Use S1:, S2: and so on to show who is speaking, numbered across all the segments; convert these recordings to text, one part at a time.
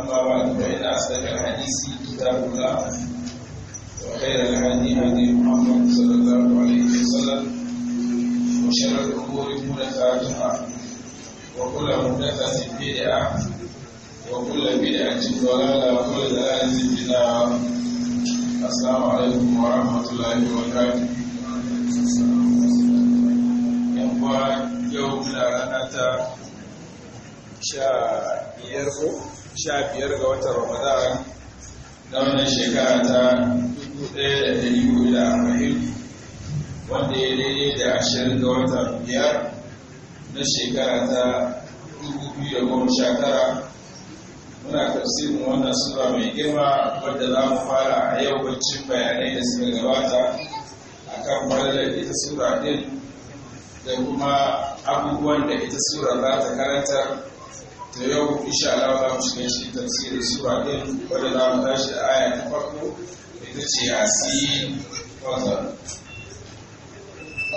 S1: أما بعد فإن أصدق الحديث كتاب الله وخير الهدي هدي محمد صلى الله عليه وسلم وشر الأمور محدثاتها وكل محدثة بدعة وكل بدعة ضلالة وكل ضلالة في النار السلام
S2: عليكم
S1: ورحمة الله وبركاته يوم يوم لا sha biyar ga watan ramadan
S2: na wannan shekara ta
S1: dubu daya da ɗari hudu a arba'in wanda ya daidai da ashirin ga watan biyar na shekara ta dubu biyu da goma sha tara muna tafsirin wannan sura mai girma wadda za mu fara a yau baccin bayanai da suka gabata a kan falalar ita sura ɗin da kuma abubuwan da ita sura za ta karantar اليوم في شاء الله هذا مش نشكي تفسير السورة دين ولا دام داش آية تفكر بتشي عسين فضل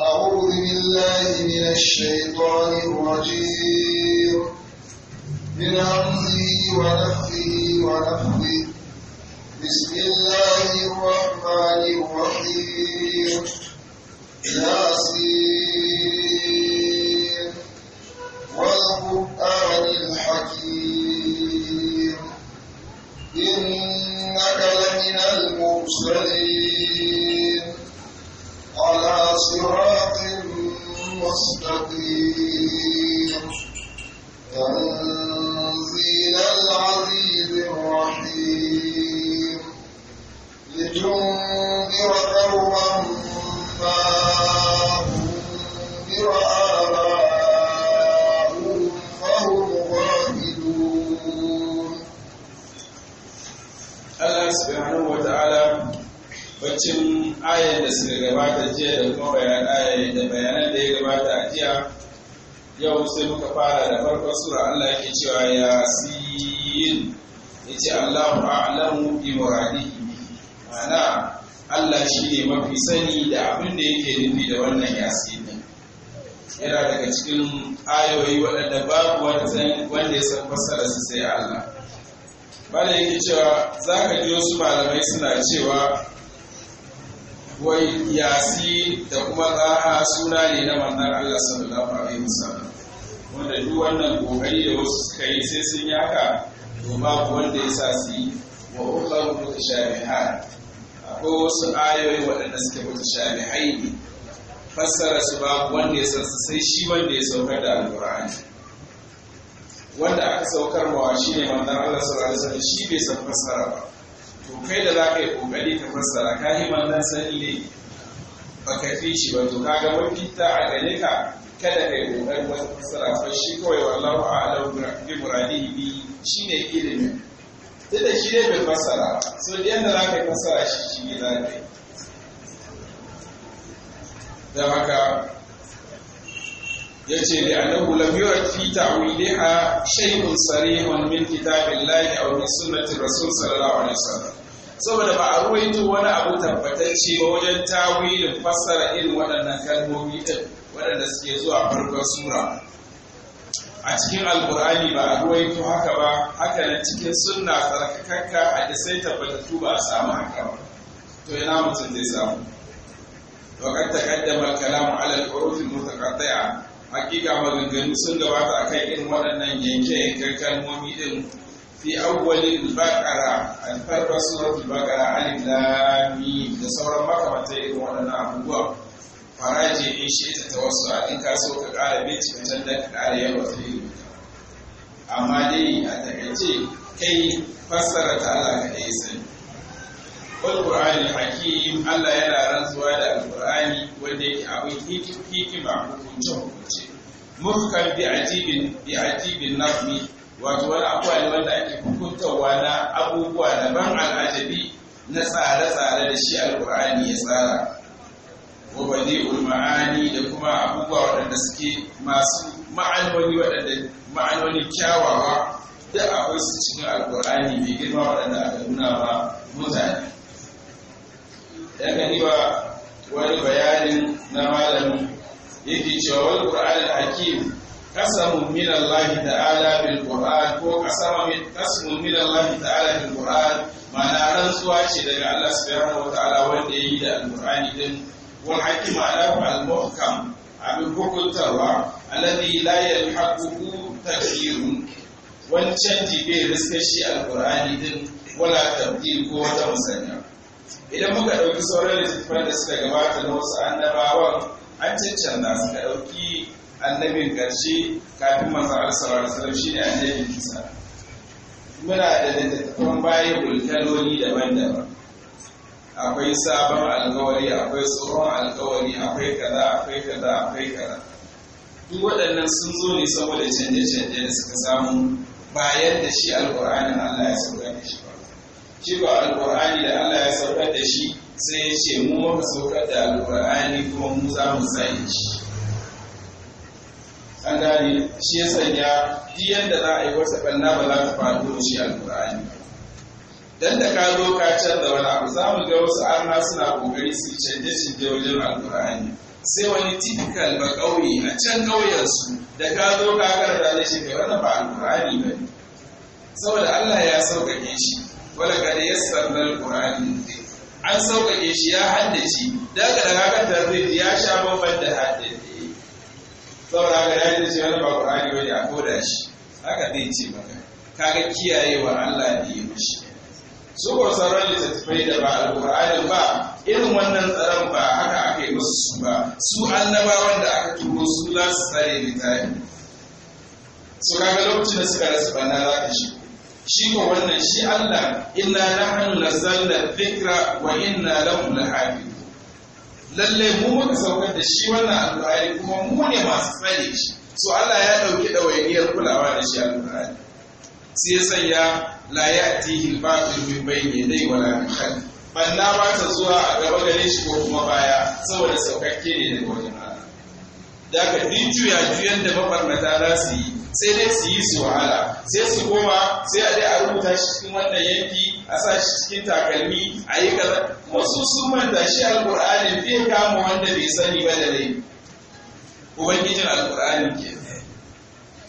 S2: أعوذ بالله من الشيطان الرجيم من همزه ونفخه ونفخه بسم الله الرحمن الرحيم ياسين والقرآن الحكيم إنك لمن المرسلين على صراط مستقيم تنزيل العزيز الرحيم لتنذر قوما
S1: Allah subhanahu wataala baccin ayar da suka gabata jiya da kuma bayanan da bayanan da ya gabata a jiya yau sai muka fara da farkon sura Allah yake cewa ya yace Allahu a'lamu bi muradihi ma'ana Allah shi ne mafi sani da abin da yake nufi da wannan yasin yana daga cikin ayoyi waɗanda babu wanda ya san fassara su sai Allah bada yake cewa za ka ji wasu malamai suna cewa wai yasi da kuma tsaha suna ne na manzan Allah sallallahu alaihi wasallam wanda duk wannan kokari da wasu suka yi sai sun yi haka to babu wanda ya sa su yi wa ukharu mutashabihat akwai wasu ayoyi waɗanda suke mutashabihai ne fassara su babu wanda ya san su sai shi wanda ya saukar da alqur'ani wanda aka saukar mawa shi ne manzan Allah sallallahu alaihi wasallam shi bai san fassara ba to kai da za ka yi ƙoƙari ka fassara ka yi manzan sani ne Ba ka fi shi ba to ka kaga ta a gare ka kada yi kokarin wasu fassara Ba shi kawai wallahu a'lam bi muradi bi shine ilimi duk da shi ne bai fassara so da za ka yi fassara shi shi ne ka yi da haka yace li annahu lam yurad fi shaikun shay'un wani min kitabillahi a wani sunnati rasul sallallahu alaihi wasallam saboda ba a ruwaito wani abu tabbatacce ba wajen tawilin fassara irin waɗannan kalmomi ɗin waɗanda suke zuwa farkon sura a cikin alkur'ani ba a ruwaito haka ba haka nan cikin sunna tsarkakakka sai tabbatattu ba a samu haka ba to ina mutum zai samu وقد تقدم الكلام على الحروف المتقطعه hakika maganganu sun gabata a kan irin waɗannan yanke-yanken kalmomi ɗin fi awwalin bakara alfarfar surat bakara alif da sauran makamata irin waɗannan abubuwa faraji in shi ta wasu a ɗin kaso ka ƙara bincika can da ka ƙara yawa ta amma dai a takaice kai fassara ta Allah ka ɗaya sani wal qur'ani hakim Allah yana rantsuwa da alqur'ani wanda yake abin hikima hukunce hukunce muhkam bi ajibin bi ajibin nazmi wato wani abuwa ne wanda ake hukuntawa na abubuwa daban al'ajabi na tsare-tsare da shi alkur'ani ya tsara wa Ulma'ani ulma'ani da kuma abubuwa waɗanda suke masu ma'anoni waɗanda ma'anoni kyawawa da akwai su cikin alkur'ani mai girma waɗanda aka nuna ba mutane ya gani ba wani bayanin na malamin yake cewa wal qur'an hakim qasamun min Allah ta'ala bil qur'an ko qasama min qasmun min Allah ta'ala bil qur'an ma'ana rantsuwa ce daga Allah subhanahu wa ta'ala wanda yayi da alqur'ani din wal hakim ala al muhkam abin hukuntarwa alladhi la yalhaquhu tafsirun wancan jibe riskar shi alqur'ani din wala tabdil ko wata musanya idan muka ɗauki sauran littattafan da suka gabata na wasu annabawan an cancanta suka ɗauki annabin ƙarshe kafin manzan da sarar shi ne annabin kisa muna da littattafan bayan bulkaloli daban-daban akwai sabon alkawari akwai tsohon alkawari akwai kaza akwai kaza akwai kaza duk waɗannan sun zo ne saboda canje-canje da suka samu bayan da shi na Allah ya saukar da shi ba shi ba alƙur'ani da Allah ya saukar da shi sai ya ce mu muka saukar da alkur'ani kuma mu za mu tsaye shi an gane shi ya sanya biyan da za a yi wata ɓanna ba za ta faru da shi alkur'ani dan da ka zo ka canza wani abu za mu ga wasu arna suna kogari su canje canje wajen alkur'ani sai wani tipikal ba ƙauye a can ƙauyensu da ka zo ka karanta da shi kai wani ba alkur'ani ba ne saboda Allah ya sauƙaƙe shi wala kada yassar an sauƙaƙe shi ya haddace daga daga kan ya sha bamban da haddace saboda haka ya haddace wani ba Qur'ani wani a koda shi haka zai ce maka kaga kiyayewa Allah ne yi mishi su ko sauran littattafai da ba alƙur'ani ba irin wannan tsaron ba haka aka yi musu su ba su annabawan da aka turo su za su tsare littafi su kaga lokacin da suka rasu bana za ka shi shi ko wannan shi Allah inna nahnu nazzalna dhikra wa inna lahu lahafiz lalle mu muka saukar da shi wannan alqur'ani kuma mu ne masu tsare shi so Allah ya dauki dawainiyar kulawa da shi alqur'ani sai ya sanya la ya'tihi al-batil min bayni yadayhi wa la min khalfi banna ba ta zuwa a gaba gare shi ko kuma baya saboda saukakke ne daga wajen da ka juya juyan da mabarnata za su yi sai dai su yi su wahala sai su koma sai a dai a rubuta shi cikin wannan yanki a sa shi cikin takalmi a yi kaza wasu sun manta shi alƙur'anin fiye kama wanda bai sani ba da laifi ubangijin alƙur'anin ke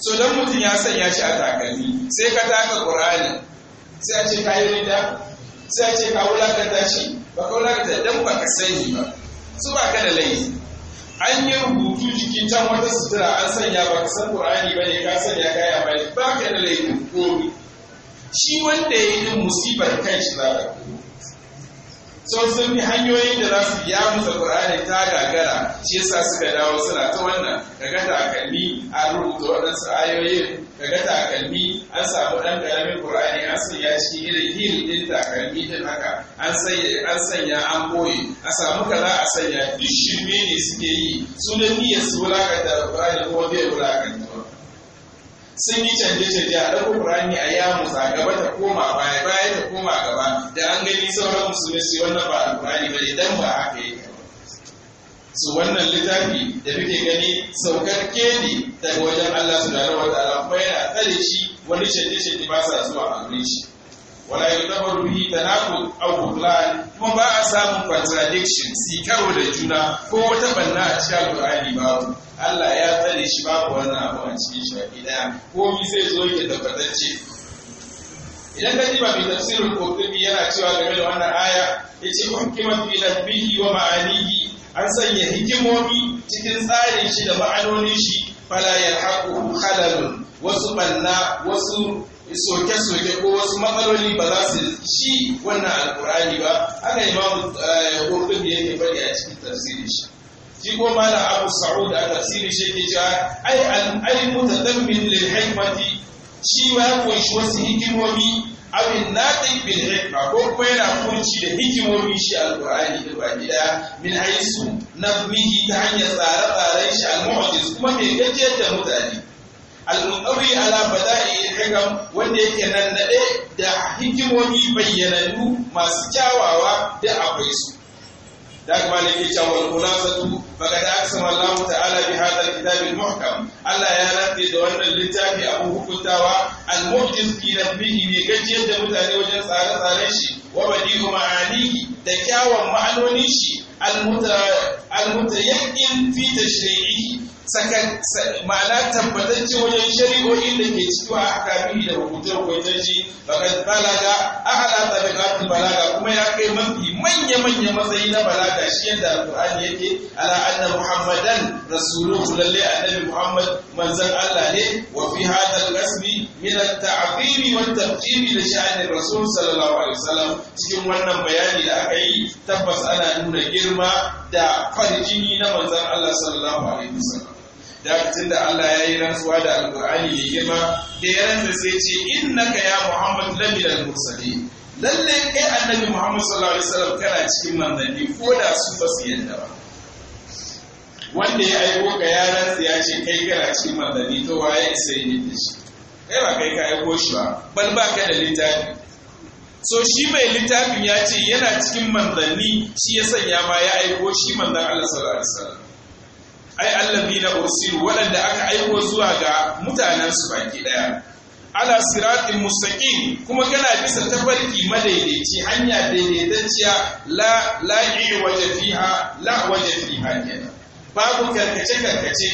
S1: so don mutum ya sanya shi a takalmi sai ka taka ƙur'ani sai a ce ka yi rida sai a ce ka wulakanta shi ba ka wulakanta don ba ka sani ba su ba ka da laifi an yi rubutu jikin can wata sutura an sanya ba ka san Qur'ani ba ne ka sanya kaya ba ba ka da laifin komi shi wanda ya yi musibar kan shi za ta sau sun bi hanyoyin da za su ya musa ƙur'ani ta gagara shi yasa suka dawo suna ta wannan daga takalmi a rubuta waɗansu ayoyin daga takalmi an samu ɗan ƙaramin ƙur'ani an ya shi irin hil ɗin takalmi ɗin haka an sanya an boye a samu kaza a sanya duk shirme ne suke yi Sunan da niyyar su wulakanta ƙur'ani kuma bai wulakanta sun yi canje-canje a ɗauko Qur'ani a ya yamusa gaba ta koma baya baya ta koma gaba da an gani sauran musulmi su wannan ba alƙur'ani ba ne, dan ba haka yake su wannan littafi da muke gani saukarke ne daga wajen Allah subhanahu wa ta'ala kuma yana tsare shi wani canje-canje ba sa zuwa a shi wala yudabar bihi tanaqud aw buhlan kuma ba a samun contradiction si karo da juna ko wata banna a cikin alqur'ani ba Allah ya tsare shi babu wannan abu a cikin shi ko mi zai zo da fatacce idan ka ba mai tafsirin qurtubi yana cewa game da wannan aya yace hukima fi nabbihi wa ma'anihi an sanya hikimomi cikin tsarin shi da ma'anonin shi fala yalhaqu khalalun wasu banna wasu soke-soke ko wasu matsaloli ba za su ci wannan alkurani ba yi haka imamu eh, da yake bari a cikin tafsirin shi shi ko malam abu sa'ud a tafsirin shi ke cewa ai al ai mutadammin lil hikmati shi ba ya kunshi wasu hikimomi abin naqi bil hikma ko kuma yana kunci da hikimomi shi alkurani da ba gida min haisu mihi ta hanyar tsare-tsaren shi al-mu'jiz kuma mai gajiyar da mutane al-muqarri ala bada'i hikam wanda yake nan nade da hikimomi bayyanannu masu kyawawa da akwai su da kuma ne ke cewa al-khulasatu faqad aqsama Allah ta'ala bi hadha al-kitab al-muhkam Allah ya rafi da wannan littafi abu hukuntawa al-mu'jiz fi rabbihi ne gajiyar da mutane wajen tsare tsare shi wa badihu ma'anihi da kyawun ma'anoni shi al-mutayaqqin fi tashri'ihi ma'ana tabbatacce wajen shari'o'in da ke cikin a akami da rubuce rubuce shi fakat balaga da kafin balaga kuma ya kai mafi manya manya matsayi na balaga shi yadda alqur'ani yake ala anna muhammadan rasuluhu lalle annabi muhammad manzan Allah ne wa fi hadal qasmi min at wa at-taqdimi li rasul sallallahu alaihi wasallam cikin wannan bayani da aka yi tabbas ana nuna girma da farjini na manzon Allah sallallahu alaihi wasallam da da Allah ya yi rantsuwa da alkur'ani ya girma da ya rantsa sai ce innaka ya muhammad lamina mursali lalle kai annabi muhammad sallallahu alaihi wasallam kana cikin manzanni ko da su ba su yadda ba wanda ya aiko ka ya rantsa ya ce kai kana cikin manzanni to waye sai ne da shi kai ba kai ka aiko shi ba bal ba ka da littafi so shi mai littafin ya ce yana cikin manzanni shi ya sanya ma ya aiko shi manzan Allah sallallahu alaihi wasallam ai allabi na ursilu waɗanda aka aiko zuwa ga mutanensu baki ɗaya ala siratin mustaqim kuma kana bisa tafarki madaidaici hanya daidaitacciya la la waje fiha la waje fiha babu karkace karkace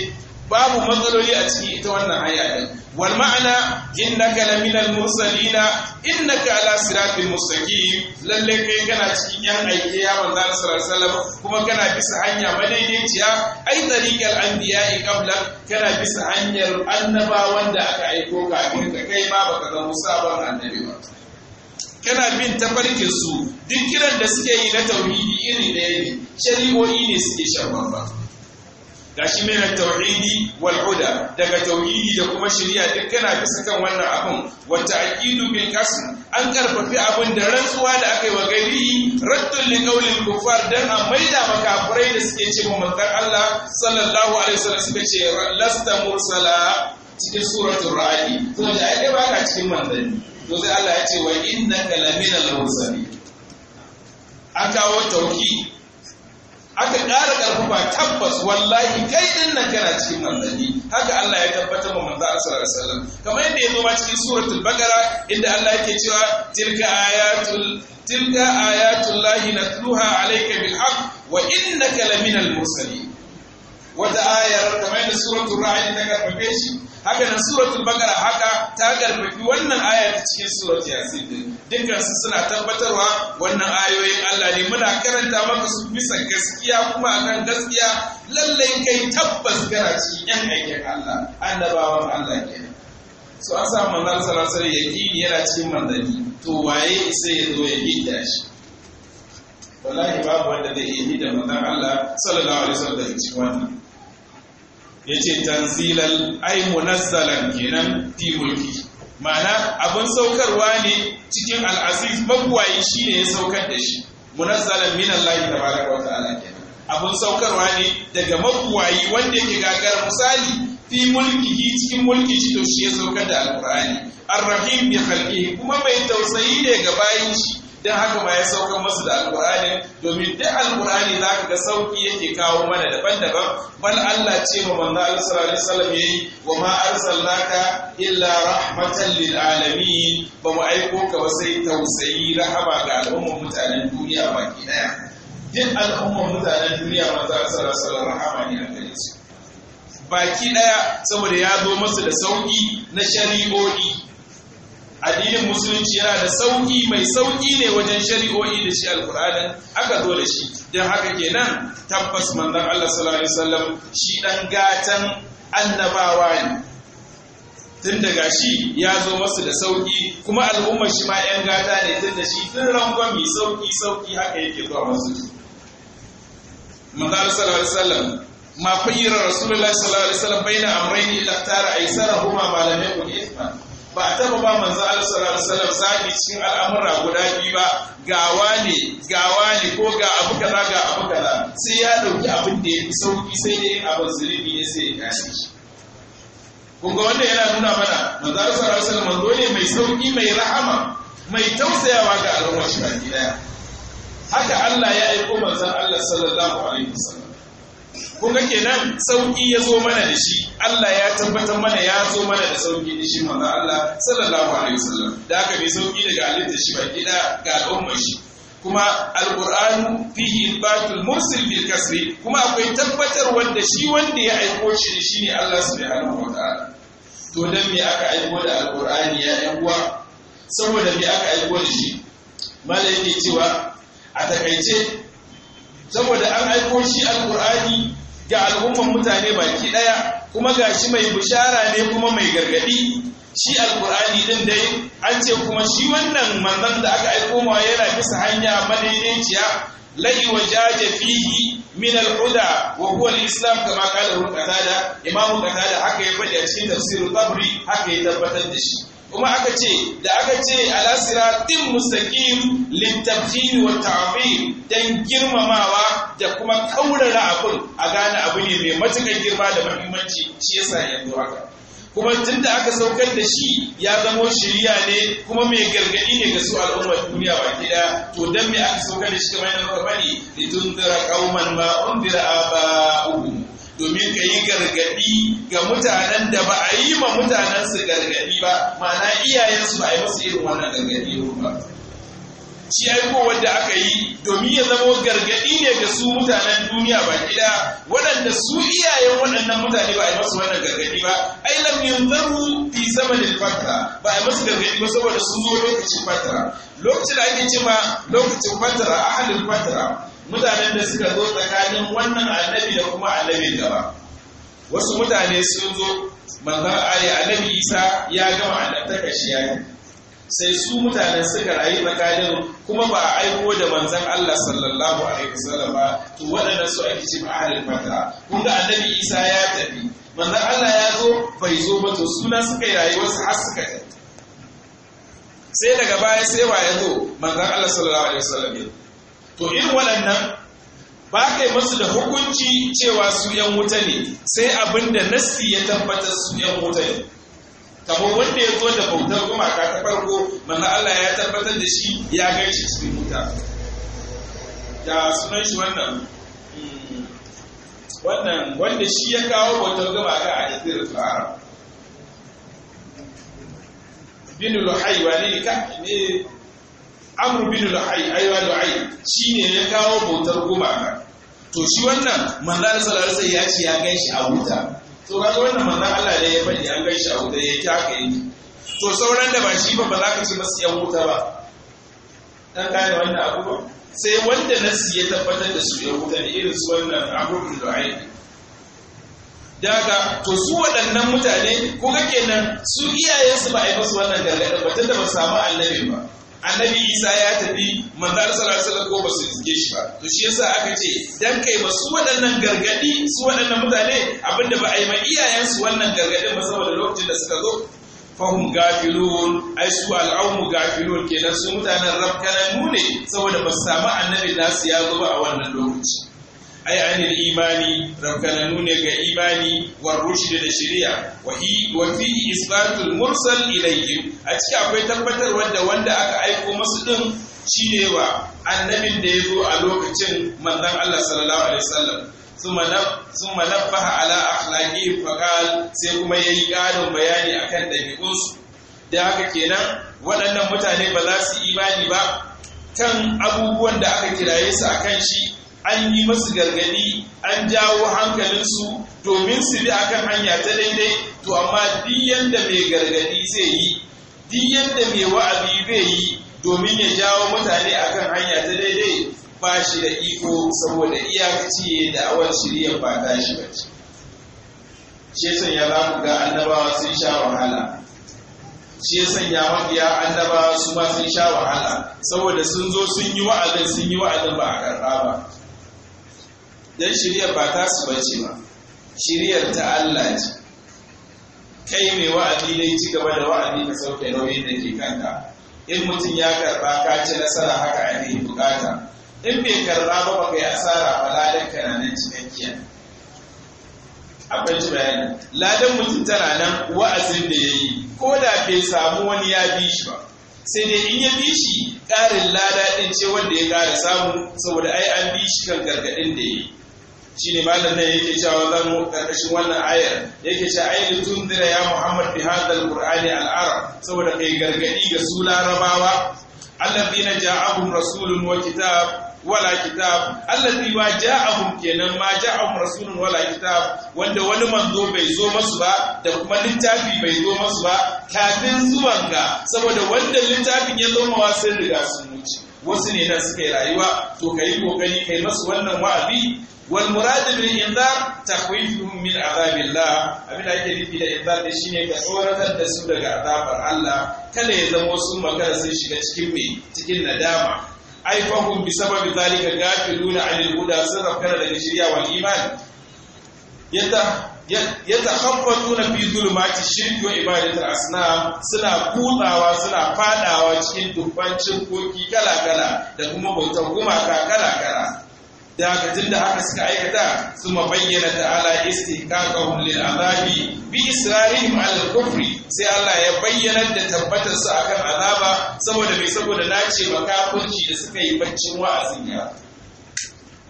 S1: babu matsaloli a cikin ita wannan aya din wal ma'ana innaka laminal mursalina innaka ala siratil mustaqim lalle kai kana cikin yan aike ya manzo sallallahu alaihi kuma kana bisa hanya madaidaiciya ai tariqal anbiya'i qabla kana bisa hanyar annaba wanda aka aiko kafin ka kai ma baka sabon annabi ba kana bin tafarkin su duk kiran da suke yi na tauhidi iri ɗaya ne shari'o'i ne suke shan gashi mai na tauhidi wal huda daga tauhidi da kuma shari'a duk kana bisa kan wannan abun wata aqidu bil qasm an karfafi abun da rantsuwa da aka yi wa gairi raddun li qawlil kufar dan a maida makafirai da suke cewa manzon Allah sallallahu alaihi wasallam suka ce lasta mursala cikin suratul ra'd to da ai ba ka cikin manzanni to sai Allah ya ce wa innaka laminal mursalin an kawo tauhidi aka ƙara ƙarfafa tabbas wallahi kai din nan kana cikin manzanni haka Allah ya tabbatar wa manzo sallallahu alaihi wasallam kamar yadda ya zo ma cikin suratul baqara inda Allah yake cewa tilka ayatul tilka ayatul lahi natluha alayka bil haqq wa innaka laminal mursalin wata ayar kamar yadda suratul ra'ayin ta karfafe shi haka nan suratul baqara haka ta karfafi wannan ayar ta cikin suratul yasin dukkan su suna tabbatarwa wannan ayoyin Allah ne muna karanta maka su bisa gaskiya kuma akan gaskiya lallai kai tabbas kana cikin yan aikin Allah annabawan Allah ke. so an samu manzon sallallahu alaihi ne yana cikin manzani to waye sai ya zo ya hidda shi wallahi babu wanda zai iya da manzon Allah sallallahu alaihi wasallam cikin wannan yace tanzilal ay munazzalan kenan fi mulki ma'ana abin saukarwa ne cikin al'aziz magwayi shi ne ya saukar da shi munazzalan min Allah tabaraka wa ta'ala kenan abin saukarwa ne daga magwayi wanda yake gagar misali fi mulki cikin mulki shi to shi ya saukar da alqur'ani arrahim bi khalqihi kuma mai tausayi ne ga bayin shi don haka ma ya sauka masu da alkur'ani domin duk alkur'ani za ka ga sauki yake kawo mana daban-daban bal Allah ce ma manzo Allah sallallahu alaihi wasallam yayi wa ma arsalnaka illa rahmatan lil alamin ba mu aiko ka ba sai tausayi rahama ga al'ummar mutanen duniya baki daya duk al'ummar mutanen duniya manzo Allah sallallahu alaihi rahama ne a gare su baki daya saboda ya zo masu da sauki na shari'o'i addinin musulunci yana da sauƙi mai sauƙi ne wajen shari'o'i da shi alƙur'anin aka zo da shi don haka kenan tabbas manzon Allah sallallahu alaihi wasallam shi dan gatan annabawa ne tun daga shi ya zo masu da sauƙi kuma al'ummar shi ma 'yan gata ne tun da shi tun rangon mai sauƙi sauƙi haka yake zuwa masu manzon Allah sallallahu alaihi wasallam ma fayyara rasulullahi sallallahu alaihi wasallam baina amrayni ila tara aisara huma malamin ul ba a taba ba manzo Allah sallallahu alaihi wasallam zabi cikin al'amura guda biyu ba gawa ne gawa ne ko ga abu kaza ga abu kaza sai ya dauki abin da yafi sauki sai dai abin zulubi ne sai ya tashi kun ga wanda yana nuna mana manzo Allah sallallahu alaihi wasallam manzo ne mai sauki mai rahama mai tausayawa ga al'umma shi daya haka Allah ya aiko manzo Allah sallallahu alaihi wasallam kun ga kenan sauki ya zo mana da shi Allah ya tabbatar mana ya zo mana da sauki da shi manzo Allah sallallahu alaihi wasallam da aka bi sauki daga halitta shi baki da ga al'umma shi kuma alqur'anu fihi batul mursil bil kasri kuma akwai tabbatar wanda shi wanda ya aiko shi shine Allah subhanahu wataala to dan me aka aiko da ya yan uwa saboda me aka aiko da shi malai cewa a takaice saboda an aiko shi alkur'ani ga al'umman mutane baki ɗaya, kuma ga shi mai bishara ne kuma mai gargadi shi alkur'ani ɗin dai an ce kuma shi wannan manzon da aka aiko ma yana bisa hanya madaidaiciya lai wajaja fihi min al-huda wa huwa al-islam kama qala qatada imam qatada haka ya faɗi a cikin tafsirul tabri haka ya tabbatar da shi kuma aka ce da aka ce alasira din mustaqim litabjil wa ta'zim dan girmamawa da kuma kaurara abun a gane abu ne mai matukar girma da muhimmanci shi yasa yanzu haka kuma tun da aka saukar da shi ya zamo shirya ne kuma mai gargadi ne ga su al'ummar duniya ba gida, to dan me aka saukar da shi kamar yadda muka da litunzira qauman ma unzira aba'uhum domin ka yi gargaɗi ga mutanen da ba a yi ma mutanensu gargaɗi ba ma'ana iyayensu ba a yi masu irin wannan gargaɗi ba shi aiko wanda aka yi domin ya zama gargaɗi ne ga su mutanen duniya ba gida waɗanda su iyayen waɗannan mutane ba a yi masu wannan gargaɗi ba ai lam yanzaru fi zamanin fatra ba a yi masu gargaɗi ba saboda sun zo lokacin fatra lokacin da ake cima lokacin fatra halin fatra mutanen da suka zo tsakanin wannan annabi da kuma annabin gaba wasu mutane sun zo manzan ayi annabi isa ya gama annabtaka shi yayi sai su mutanen suka rayu tsakanin kuma ba a aiko da manzan Allah sallallahu alaihi wasallam ba to waɗannan su ake cewa ahlul fata kun ga annabi isa ya tafi manzan Allah ya zo bai zo ba to suna suka yi wasu har suka tafi sai daga baya sai wa ya zo manzan Allah sallallahu alaihi wasallam to irin waɗannan ba ka yi masu da hukunci cewa su ‘yan wuta ne sai abin da nasi ya tabbatar su ‘yan wuta ne kamar wanda ya zo da bautar gumaka ta farko manzo Allah ya tabbatar da shi ya gaishe cikin wuta da sunan shi wannan hmm. wannan wanda shi ya kawo bautar gumaka a Idris Arab bin Luhai wani ne ka ne amru bin lu'ay aywa lu'ay shine ya kawo bautar gumaka to shi wannan manzo sallallahu alaihi ya ce ya shi a wuta to kaga wannan manzo Allah ne ya faɗi an shi a wuta ya ta yi to sauran da ba shi ba ba za ka ce masu yan wuta ba dan kai wannan abu ba sai wanda na ya tabbatar da su yan wuta ne irin su wannan amru bin daga to su waɗannan mutane ko kenan su iyayensu ba a yi musu wannan gargaɗin ba tunda ba samu annabi ba annabi isa ya tafi manzar sarasala ko ba su riske shi ba to shi yasa aka ce dan kai ba su waɗannan gargadi su waɗannan mutane abinda ba a yi ma iyayensu wannan gargadin ba saboda lokacin da suka zo Fahim gafilun ai su al'aumu gafilun kenan su mutanen rafkananu ne saboda ba su samu annabi nasu ya zo ba a wannan lokaci ay anil imani rabbana ne ga imani wa rushd da shari'a wa hi wa fihi isbatul mursal ilayhi a ciki akwai tabbatar wanda wanda aka aiko masu din shine wa annabin da yazo a lokacin manzon Allah sallallahu alaihi wasallam summa nabbaha ala akhlaqihim faqal sai kuma yayi karin bayani akan dabi'unsu da haka kenan waɗannan mutane ba za su imani ba kan abubuwan da aka kiraye su akan shi an yi masu gargadi an jawo hankalinsu domin su bi akan hanya ta daidai to amma duk yanda mai gargadi zai yi duk yanda mai wa'azi zai yi domin ya jawo mutane akan hanya ta daidai ba shi da iko saboda iyakaci da awar shirya ba ta shi ba ce shi ya za ga annabawa sun sha wahala shi ya sanya mabiya annaba su ma sun sha wahala saboda sun zo sun yi wa'azin sun yi wa'azin ba a karɓa ba don shirya ba ta su bace ba shiriyar ta Allah ce kai mai wa'adi dai ci gaba da wa'adi ka sauke nauyin da ke kanka in mutum ya karba ka ci nasara haka ne bukata in bai karba ba kai yi asara ba ladan ka nan cikakkiya akwai ji bayani ladan mutum tana nan wa'azin da ya yi ko da bai samu wani ya bi shi ba sai dai in ya bi shi ƙarin lada ɗin ce wanda ya ƙara samu saboda ai an bi shi kan gargaɗin da ya yi ne malam nan yake cewa za mu karkashin wannan ayar yake cewa ai dira ya Muhammad bi hadal qur'ani al-arab saboda kai gargadi ga su larabawa alladhina ja'ahum rasulun wa kitab wala kitab alladhi wa ja'ahum kenan ma ja'ahum rasulun wala kitab wanda wani manzo bai zo masu ba da kuma littafi bai zo masu ba kafin zuwanka saboda wanda littafin ya zo ma sun riga sun wuce wasu ne nan suka yi rayuwa to kai kokari kai masu wannan wa'azi wal murad bil inzar takhwifuhum min azabillah abin da yake nufi da inzar da shine ka tsoratar da su daga azabar Allah kada ya zama sun makara sun shiga cikin me cikin nadama ai fahum bi sababi zalika gafiluna anil huda sun rafkana daga shirya wal iman yadda yatakhabbatuna fi zulumati shirki wa ibadatar asnam suna kutsawa suna fadawa cikin dubbancin koki kala-kala da kuma bautar gumaka kala-kala da ga tun da haka suka aikata su bayyana ta'ala istihqaqahum lil azabi bi israrihim al kufri sai Allah ya bayyana da tabbatar su akan azaba saboda bai saboda nace makafirci da suka yi baccin wa'azin ya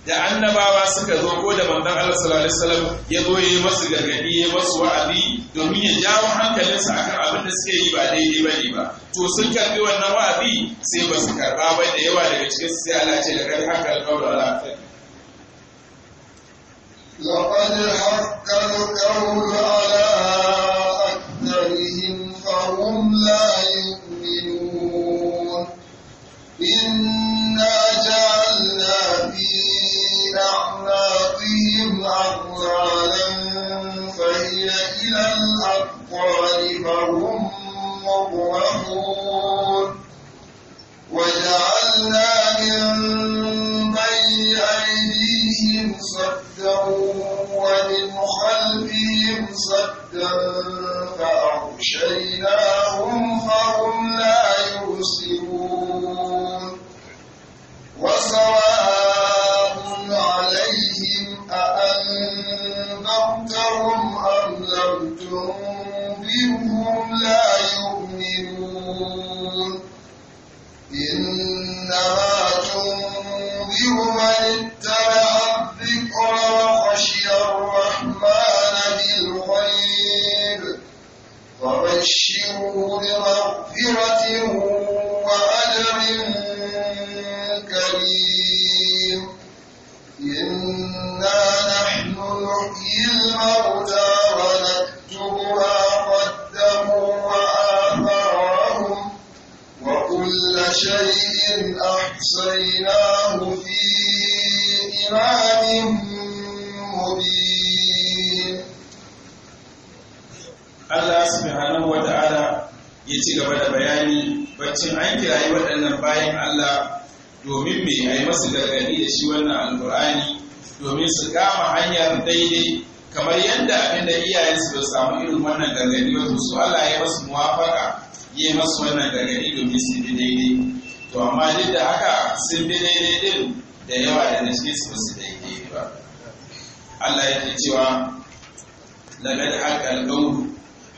S1: da annabawa suka zo ko da manzon Allah sallallahu alaihi ya zo yi masu gargadi ya masu wa'azi domin ya jawo hankalinsu akan abin da suke yi ba daidai ba ne ba to sun karbi wannan wa'azi sai ba su karba ba da yawa daga cikin su sai Allah ce da kai haka alƙawari ala ta
S2: لقد al القول ala النار فهم مطمحون وجعلنا من بين أيديهم سدا ومن خلفهم سدا فأغشيناهم إذ أحصيناه في إمام مبين
S1: الله سبحانه وتعالى يتي gaba da bayani baccin an kirayi waɗannan bayan Allah domin me a yi masu gargadi da shi wannan alƙur'ani domin su kama hanyar daidai kamar yadda abinda iyayensu ba samu irin wannan gargadi ba su Allah ya masu muwafaka yi masu wannan gargadi domin su bi daidai to amma duk da haka sun bi daidai din da yawa da cikin su ba su daidai ba Allah yake cewa lagar haqqal qawlu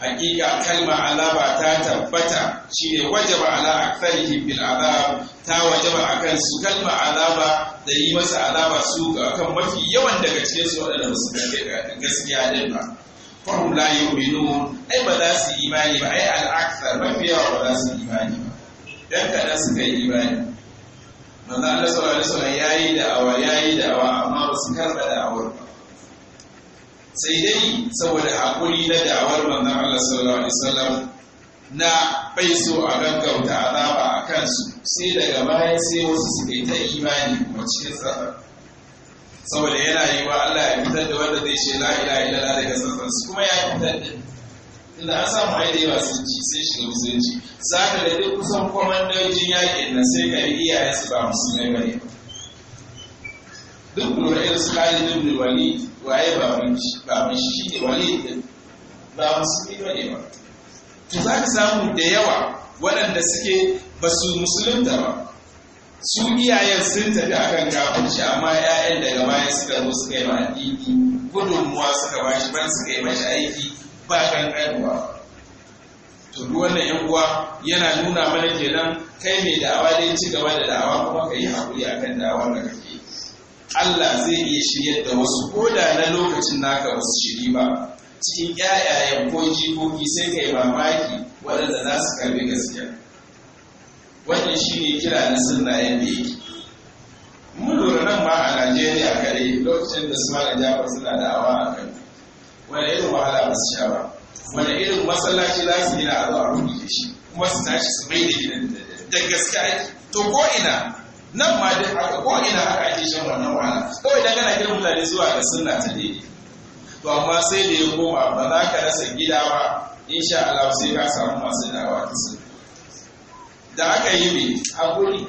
S1: hakika kalma alaba ta tabbata shi ne waje ba ala aktharihim bil azab ta waje a akan su kalma alaba da yi masa alaba su ga kan mafi yawan daga cikin su ba su gaskiya din ba fahum yi yu'minun ai ba za su imani ba ai al mafi yawa ba za su imani ba dan kaɗan suka yi imani manzo Allah sallallahu alaihi wasallam ya da'awa yayi da'awa amma ba su karɓa da'awar ba sai dai saboda hakuri na da'awar manzo Allah sallallahu alaihi wasallam na bai so a gaggauta azaba a kansu sai daga baya sai wasu suka yi ta imani kuma cikin tsara saboda yana yi wa Allah ya fitar da wanda zai ce la ilaha illallah daga sassan su kuma ya fitar da tunda an samu ai da yawa sun ci sun shiga musulunci za ka da duk kusan kwamandojin yakin na sai ka iyayen su ba musulmai ba ne duk lura irin su khalid ibn wani waye ba mun ba mun shi ne wani din ba musulmi ba ne ba to za ka samu da yawa waɗanda suke ba su musulunta ba su iyayen sun tafi akan kafirci amma 'ya'yan daga bayan suka zo suka yi ma addini gudunmuwa suka bashi ban suka yi mashi aiki ba shan aihuwa to duk wannan yan uwa yana nuna mana kenan kai mai da'awa dai ci gaba da da'awa kuma ka yi hakuri akan da'awa da kake Allah zai iya shiryar da wasu ko da na lokacin naka wasu shiri ba cikin ƴaƴayen ko jikoki sai ka yi mamaki waɗanda za su karbi gaskiya wannan shi ne kira na sunnayen yadda yake mun lura nan ma a Najeriya kare lokacin da su ma jafa suna da'awa a kan wani irin wahala masu sha ba wani irin masallaci za su yi na azu a rubi da shi kuma su tashi su mai da gidan da gaske ake to ko ina nan ma duk haka ko ina haka ake shan wannan wahala ko dan kana kiran mutane zuwa ga sunna ta daidai to amma sai da ya koma ba za ka rasa gida ba insha Allah sai ka samu masu dawa ta sunna da aka yi mai hakuri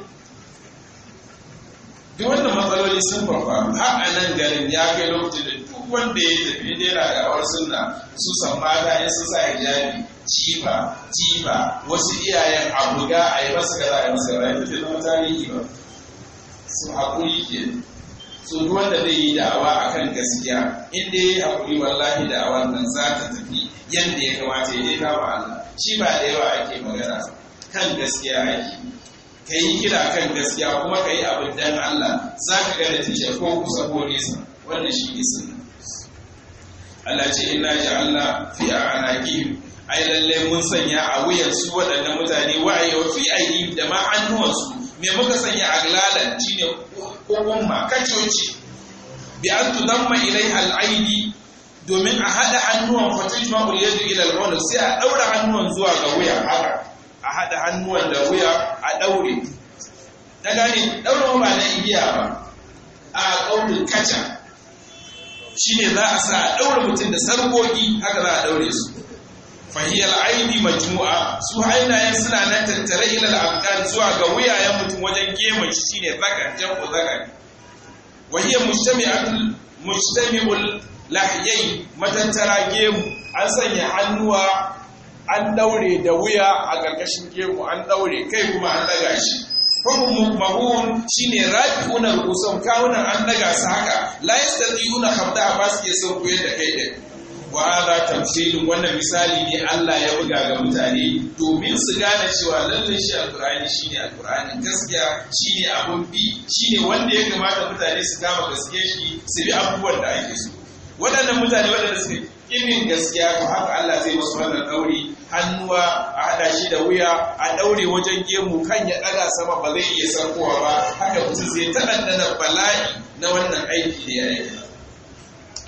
S1: duk wannan matsaloli sun faru har a nan garin ya kai lokacin da wanda ya tafi da yana da'awar sunna su san mata ya sun sa hijabi jiba jiba wasu iyayen abu ga a yi masu kaza a yi masu kaza ya tafi tarihi ba su haƙuri ke su wanda zai yi da'awa kan gaskiya inda ya yi haƙuri wallahi da'awar nan za ta tafi yadda ya kamata ya daina wa Allah shi ba da yawa ake magana kan gaskiya ake ka yi kira kan gaskiya kuma ka yi abin dan Allah za ka ga natijar ko kusa ko nesa wannan shi ne Allah ce ji ja'alna fi anaki ai lalle mun sanya a wuyan su waɗannan mutane waye wa fi da ma su me muka sanya aglalan shine ma kacoci bi an tudamma ilai al'aidi domin a haɗa hannuwan fatin ul yadu ila al sai a ɗaura hannuwan zuwa ga wuya haka a haɗa hannuwan da wuya a ɗaure na gani ɗaura ba na igiya ba a ɗaure kaca Shi ne za a sa a ɗaure mutum da sarkoki haka za a ɗaure su fahiyar aini majmu'a su hainayen suna nan tattare ilal abdan zuwa ga wuyayen mutum wajen gema shi shine zaka ko zaka wa hiya mujtami'atul mujtami'ul lahyai matattara gemu an sanya hannuwa an daure da wuya a ƙarƙashin gemu an ɗaure kai kuma an ɗaga shi shi ne shine rafi'una Kusan, kawunan an daga su haka la yastati'una khabda ba su ke son koyar da kai din wa hada tamthilun wannan misali ne Allah ya buga ga mutane domin su gane cewa lallai shi alqur'ani shine alqur'ani gaskiya shine abun bi shine wanda ya kamata mutane su kama gaske shi su bi abubuwan da ake so waɗannan mutane waɗanda suka yi kimin gaskiya to haka Allah zai masu wannan ɗauri hannuwa a haɗa shi da wuya a ɗaure wajen gemu kan ya ɗaga sama ba zai iya sarkowa ba haka mutum zai ta ɗanɗana bala'i na wannan aiki da ya aiki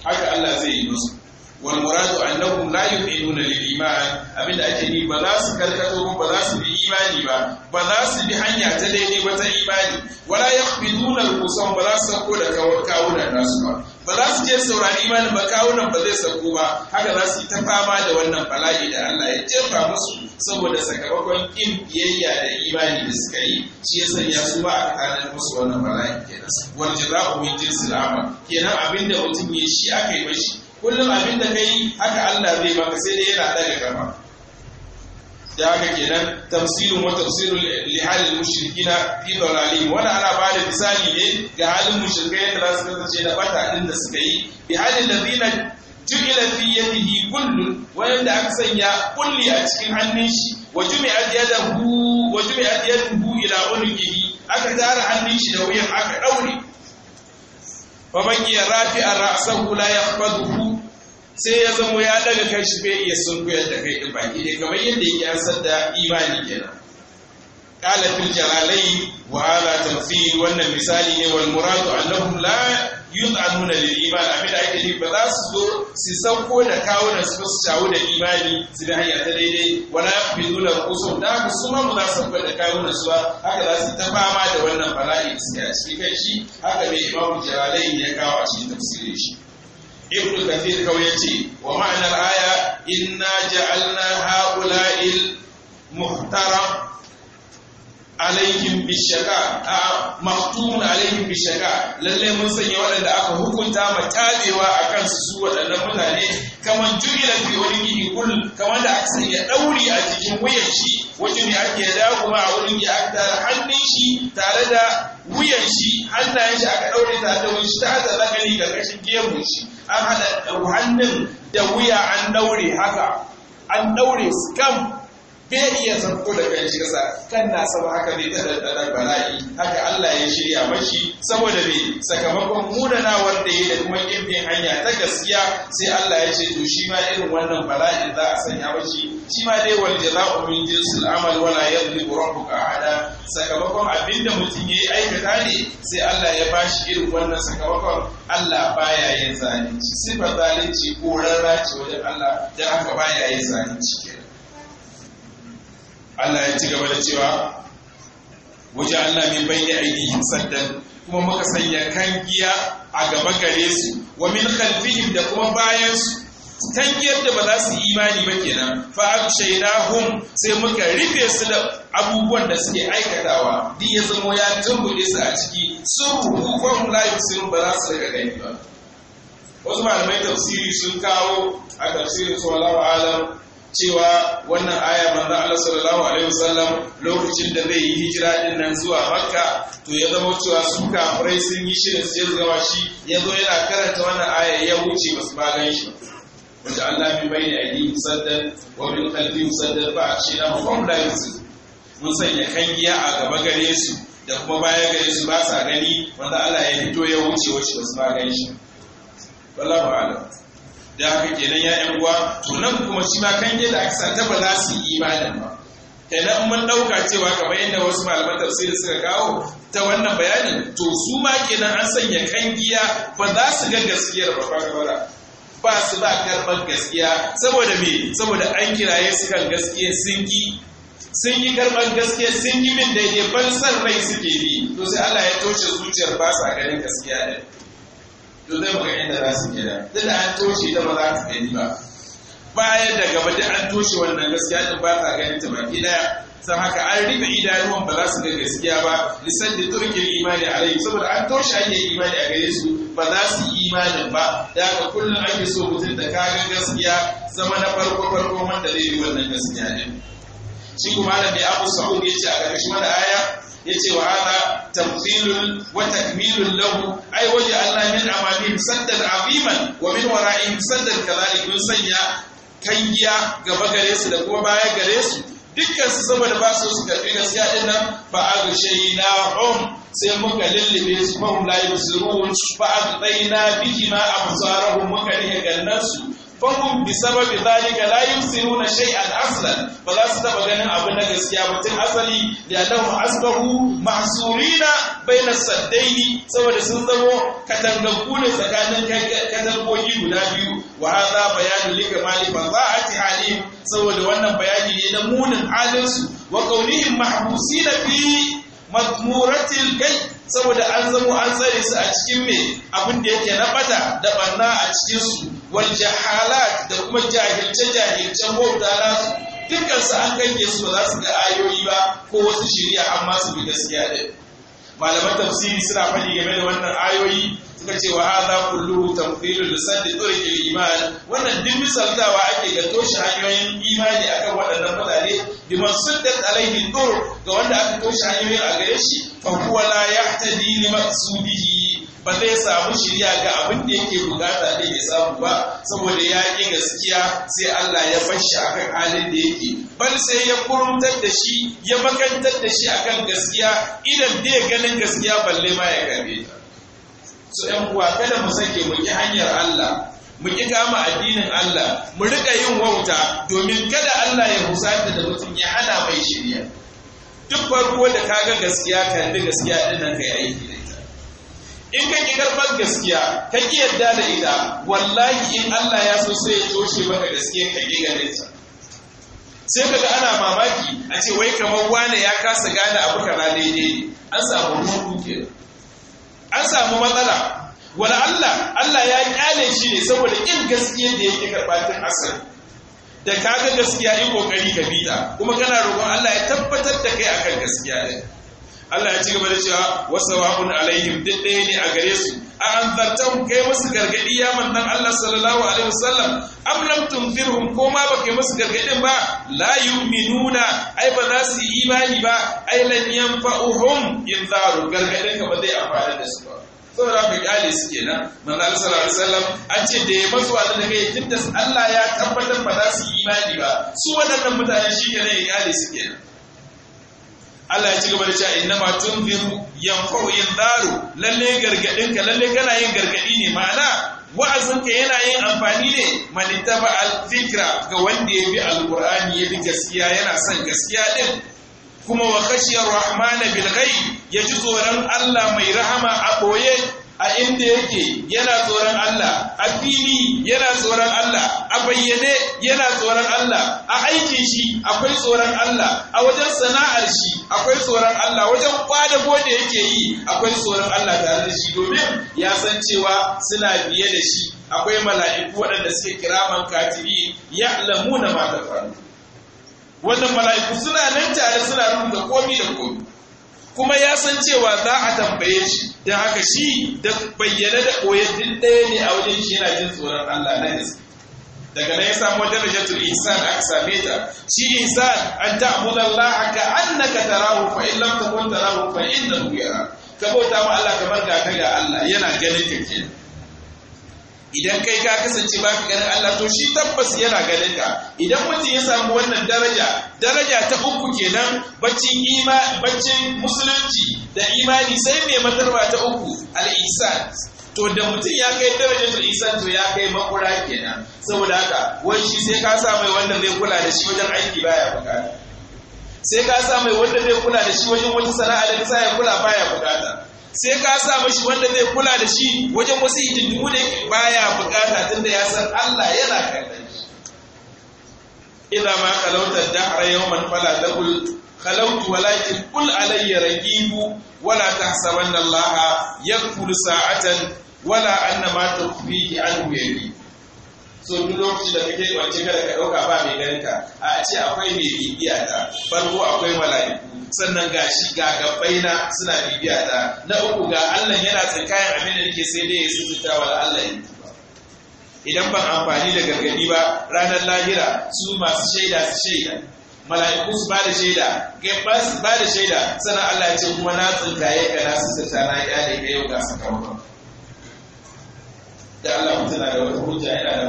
S1: haka Allah zai yi musu wal muradu annahum la yu'minuna lil iman abinda ake ni ba za su karkato ba za su bi imani ba ba za su bi hanya ta daidai ba ta imani wala yaqbiduna al-qusam ba za su sako da kawunan nasu ba ba za su je saurari imanin ba kawunan ba zai sauko ba haka za su yi ta fama da wannan bala'i da Allah ya jefa musu saboda sakamakon kin biyayya da imani da suka yi shi ya sanya su ba a tanar musu wannan bala'i kenan wal jaza'u min jinsil amal kenan abinda mutum ya shi aka yi mashi kullum abinda kai haka Allah zai maka sai dai yana daga gama. da haka kenan tafsirin wa tafsirin lihalil mushrikina fi dalalihim wannan ana ba da misali ne ga halin mushrikai da su kasance da bata din da suka yi bi halin ladina ju'ila fi yadihi kullun wanda aka sanya kulli a cikin hannun shi wa jumi'at yadahu wa jumi'at yadahu ila aka tara hannun shi da wuyan aka daure fa man rafi'a ra'sahu la yahfaduhu sai ya zama ya daga kai shi bai iya sun koyar da kai baki dai kamar yadda ya asar da imani kenan qala fil jalalai wa ala wannan misali ne wal muradu annahum la yud'anuna lil iman abin da ake yi ba za su zo su sauko da kawo da su su shawo da imani su da hanya ta daidai wala biduna qusum da ku mu za su da kawo da su haka za su ta fama da wannan bala'i su ya a kai shi haka mai imamu jalalai ne ya kawo a cikin tafsirin shi ibn kathir kawai yace wa ma'anar aya inna ja'alna haula'il muhtara alaihim bishaka a mahtumun alaihim bishaka lalle mun sanya waɗanda aka hukunta ma tabewa a kan su waɗannan mutane kaman jumila fi wani kul kaman da aka sanya ɗauri a cikin wuyan shi wajen ne ake da kuma a wurin ya aka hannun shi tare da wuyan shi hannayen shi aka ɗaure tare da wuyan shi ta da zakali karkashin gemun shi an haɗa hannun da wuya an ɗaure haka an ɗaure scam bai iya zarko da kan shirsa kan na sama haka ne ta daddanar bala'i haka Allah ya shirya mashi saboda me sakamakon munana wanda ya da kuma ƙin hanya ta gaskiya sai Allah ya ce to shi ma irin wannan bala'in za a sanya mashi shi ma dai wal jaza'u min jinsil amal wala yadhlibu rabbuka ahada sakamakon abinda mutum yayi aikata ne sai Allah ya bashi irin wannan sakamakon Allah baya yin zalunci sifar zalunci ko rarrace wajen Allah dan haka baya yin zalunci Allah ya ci gaba da cewa waje Allah min bayni aidihim sandan kuma muka sanya kan giya a gaba gare su wa min khalfihim da kuma bayan su kan giyar da ba za su yi imani ba kenan fa abshaynahum sai muka rufe su da abubuwan da suke aikatawa duk ya zamo ya tumbuɗe su a ciki sun ruhu fahum sun ba za su daga gani ba wasu malamai tafsiri sun kawo a tafsirin su wala alam cewa wannan aya manzo Allah sallallahu alaihi wasallam lokacin da zai yi hijira din nan zuwa Makka to ya zama cewa su kafirai sun yi shirin su je gaba shi ya zo yana karanta wannan aya ya wuce masu ma shi wanda Allah bayyana a aidihim saddan wa min khalfihim saddan fa shi hum la yanzu. mun sanya kangiya a gaba gare su da kuma baya gare su ba sa gani wanda Allah ya fito ya wuce wuce masu ma shi wallahu a'lam da haka kenan ya yan uwa to nan kuma shi ma kan da aka santa ba za su yi imanin ba kenan in mun dauka cewa kamar yadda wasu malaman tafsiri suka kawo ta wannan bayani to su ma kenan an sanya kan giya ba za su ga gaskiyar ba ba ba su ba karɓar gaskiya saboda me saboda an kiraye su kan gaskiya sun yi sun yi karɓar gaskiya sun yi min daidai ban san rai suke bi to sai Allah ya toshe zuciyar ba sa ganin gaskiya ne to zai maka inda za su gida duk da an toshe ta ba za su gani ba bayan da gaba duk an toshe wannan gaskiya din ba ka ganin ta baki daya san haka an rufe idanuwan ba za su ga gaskiya ba lisan da turkin imani a rai saboda an toshe yi imani a gare su ba za su yi imanin ba da haka kullum ake so mutum da kagan gaskiya zama na farko farko wanda zai yi wannan gaskiya din shi kuma da mai abu sa'ud ya ce a ƙarƙashin wani aya yace wa hada tamthilun wa takmilun lahu ay waje Allah min amalihim saddan aziman wa min wara'ihim saddan kadhalik mun sanya kangiya gaba gare su da kuma baya gare su dukkan su saboda ba su su karbi gaskiya din nan ba a ga gashe na um sai muka lullube su ba hum la yusirun ba a tsaina a absarahum muka rike gannan su fahum bi sababi zalika la yusiruna shay'an aslan ba za su taba ganin abu na gaskiya ba tun asali da annahum asbahu mahsurina baina saddaini saboda sun zamo katangaku ne tsakanin katangogi guda biyu wa hadha bayanu likamali fadha'ati alim saboda wannan bayani ne na munin halinsu wa kaunihim mahbusina fi madmuratil kai saboda an zamo an tsare su a cikin mai, abin da yake na bata da banna a cikin su wal da kuma jahilce jahilcen wauta nasu dukkan su an kange su ba za su ga ayoyi ba ko wasu shari'a amma su bi gaskiya da malaman tafsiri suna faɗi game da wannan ayoyi suka ce wa hadha kullu da li saddi al iman wannan duk misaltawa ake ga toshe hanyoyin imani akan waɗannan mutane liman suddat alaihi dur ga wanda aka toshe hanyoyin a gare shi fa huwa la yahtadi li maqsudihi ba zai samu shirya ga abin da yake bukata ne ya samu ba saboda ya ƙi gaskiya sai Allah ya fashi shi akan halin da yake bal sai ya kurumtar da shi ya makantar da shi akan gaskiya idan da ya ganin gaskiya balle ma ya gane ta so ɗan uwa kada mu sake mu ki hanyar Allah mu ki kama addinin Allah mu rika yin wauta domin kada Allah ya husata da mutum ya hana mai shirya duk farko da kaga gaskiya ka yi gaskiya ɗin nan yi aiki in ka ki karɓar gaskiya ka ki yadda da ita wallahi in Allah ya so sai ya toshe maka gaskiya ka ki ganin ta sai kaga ana mamaki a ce wai kamar wane ya kasa gane abu kaza daidai an samu rubu kenan an samu matsala Wani Allah Allah ya kyale shi ne saboda in gaskiya da yake karɓa tun asali da kaga gaskiya in kokari ka bi ta kuma kana roƙon Allah ya tabbatar da kai akan gaskiya ne Allah ya ci gaba da cewa wasawa'un alaihim duk ɗaya ne a gare su a anzartahum kai musu gargaɗi ya manzon Allah sallallahu alaihi wasallam am lam tunzirhum ko ma ba kai musu gargadin ba la yu'minuna ai ba za su yi imani ba ai lan yanfa'uhum inzaru gargadin ka ba zai amfana da su ba saboda ka kyale su nan manzo Allah sallallahu alaihi wasallam an ce da ya masu wa da kai tunda Allah ya tabbatar ba za su yi imani ba su waɗannan mutane shi ne ya kyale su nan Allah ya ci gaba da cewa innama tunziru yanfa'u inzaru lalle gargadin ka lalle kana yin gargadi ne ma'ana wa'azin ka yana yin amfani ne malittaba al-fikra ga wanda ya bi alqur'ani ya bi gaskiya yana son gaskiya din kuma wa khashiyar rahmana bil ghaib ya ji tsoron Allah mai rahama a boye a inda yake yana tsoron Allah a fili yana tsoron Allah a bayyane yana tsoron Allah a aikin shi akwai tsoron Allah a wajen sana'ar shi akwai tsoron Allah wajen kwadago da yake yi akwai tsoron Allah tare da shi domin ya san cewa suna biye da shi akwai mala'iku waɗanda suke man katiri ya lamuna ma faru wannan mala'iku suna nan tare suna rubuta komi da komi kuma ya san cewa za a tambaye shi don haka shi da bayyana da duk ɗaya ne a wajen shi yana jin tsoron Allah na yanzu daga nan ya samu darajatul insan aka same ta shi insan an ta'budu Allah ka annaka tarahu fa in lam takun tarahu fa na yara ka bauta ma Allah kamar ga ga Allah yana ganin ka kenan idan kai ka kasance ba ka ganin Allah to shi tabbas yana ganin ka idan mutum ya samu wannan daraja daraja ta uku kenan baccin ima baccin musulunci da imani sai mai matarwa ta uku al-ihsan to da mutum ya kai darajar al-ihsan to ya kai makura kenan saboda haka wai shi sai ka sa mai wanda zai kula da shi wajen aiki baya bukata sai ka sa mai wanda zai kula da shi wajen wata sana'a da sa ya kula baya bukata sai ka sa mashi wanda zai kula da shi wajen wasu hidindimu da yake baya bukata tunda ya san Allah yana kallon Ina ma kalautar yau man fala taqul wala ta قل da Allah ya kulu sa'atan wala anna ma ta ما ki an يدي so duk lokacin da kake kwanci kada ka ɗauka, ba mai ganinka a ce akwai mai bibiya ta farko akwai mala'iku sannan ga shi ga gabbai na suna bibiya ta na uku ga Allah yana tsinkayen abin da nake sai dai ya sututa wa Allah yi idan ban amfani da gargadi ba ranar lahira su masu shaida su shaida mala'iku su da shaida gaba su da shaida sannan Allah ya ce kuma na tsinkaye ka na sututa na iyali ka yau ga sakamakon da Allah mutum da wata hujja yana da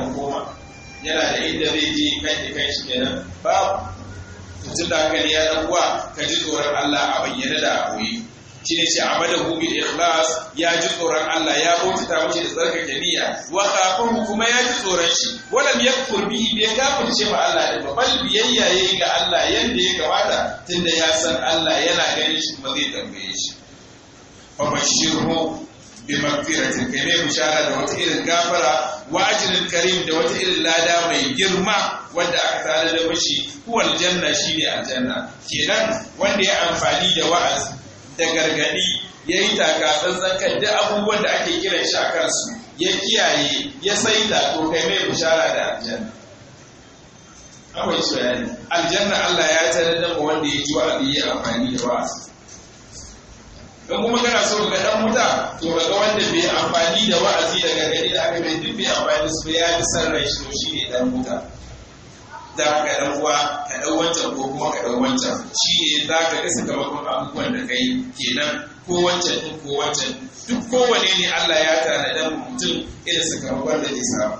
S1: yana da inda zai je kan shi kenan babu mutum da haka ne ya uwa ka ji tsoron Allah a bayyana da koyi shi ne ce a amadahu da ikhlas ya ji tsoron Allah ya ta wuce da tsarkake niyya wa kafin kuma ya ji tsoron shi ya kurbi bihi bai kafirce ba Allah da bal biyayya ya yi ga Allah yadda ya gabata. tunda ya san Allah yana ganin shi kuma zai tambaye shi bi magfiratin kai mai bishara da wata irin gafara wa karim da wata irin lada mai girma wanda aka tare da mashi huwal janna shine aljanna kenan wanda ya amfani da wa'azi da gargadi yayi taka tsantsan kan duk abubuwan da ake kiran shi a kansu ya kiyaye ya saita ko kai mai bishara da aljanna akwai bayani aljanna Allah ya tare da wanda ya ji wa'azi ya amfani da wa'azi don kuma kana so ga dan wuta to ga wanda bai amfani da wa'azi daga gari da aka bai duk amfani su ya yi san rai shi shi ne dan da ka dan uwa ka dan wancan ko kuma ka dan wancan shi ne za ka ga sakamakon abubuwan da kai kenan ko wancan ko wancan duk kowane ne Allah ya tana dan mutum irin sakamakon da ya samu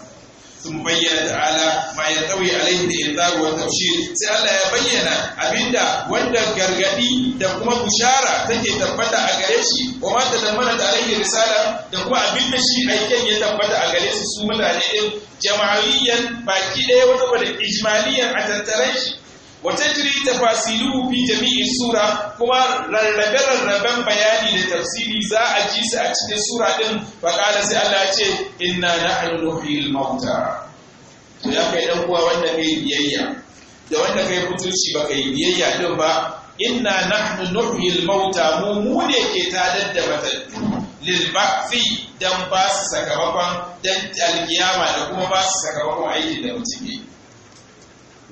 S1: sun bayyana ta'ala ma ya tsawi alaihi da inzaru wa tafshir sai Allah ya bayyana abinda wanda gargadi da kuma bishara take tabbata a gare shi wa ma tadammana alaihi risala da kuma abinda shi aiken ya tabbata a gare su su mutane din jama'iyyan baki ɗaya wata bada ijmaliyan a tattare shi وتجري تفاصيله في جميع السورة كما ررب ررب بياني لتفسيري زا أجيس أجل السورة دم فقال سي الله إنا نحن نحيي الموتى يا كي وانا كي بيئيا da wanda kai mutunci ba kai biyayya din ba inna nahnu nuhyi al-mauta mu mu ne ke tadar da matattu lil ba'thi ba su sakamakon dan da kuma ba su sakamakon aiki da mutum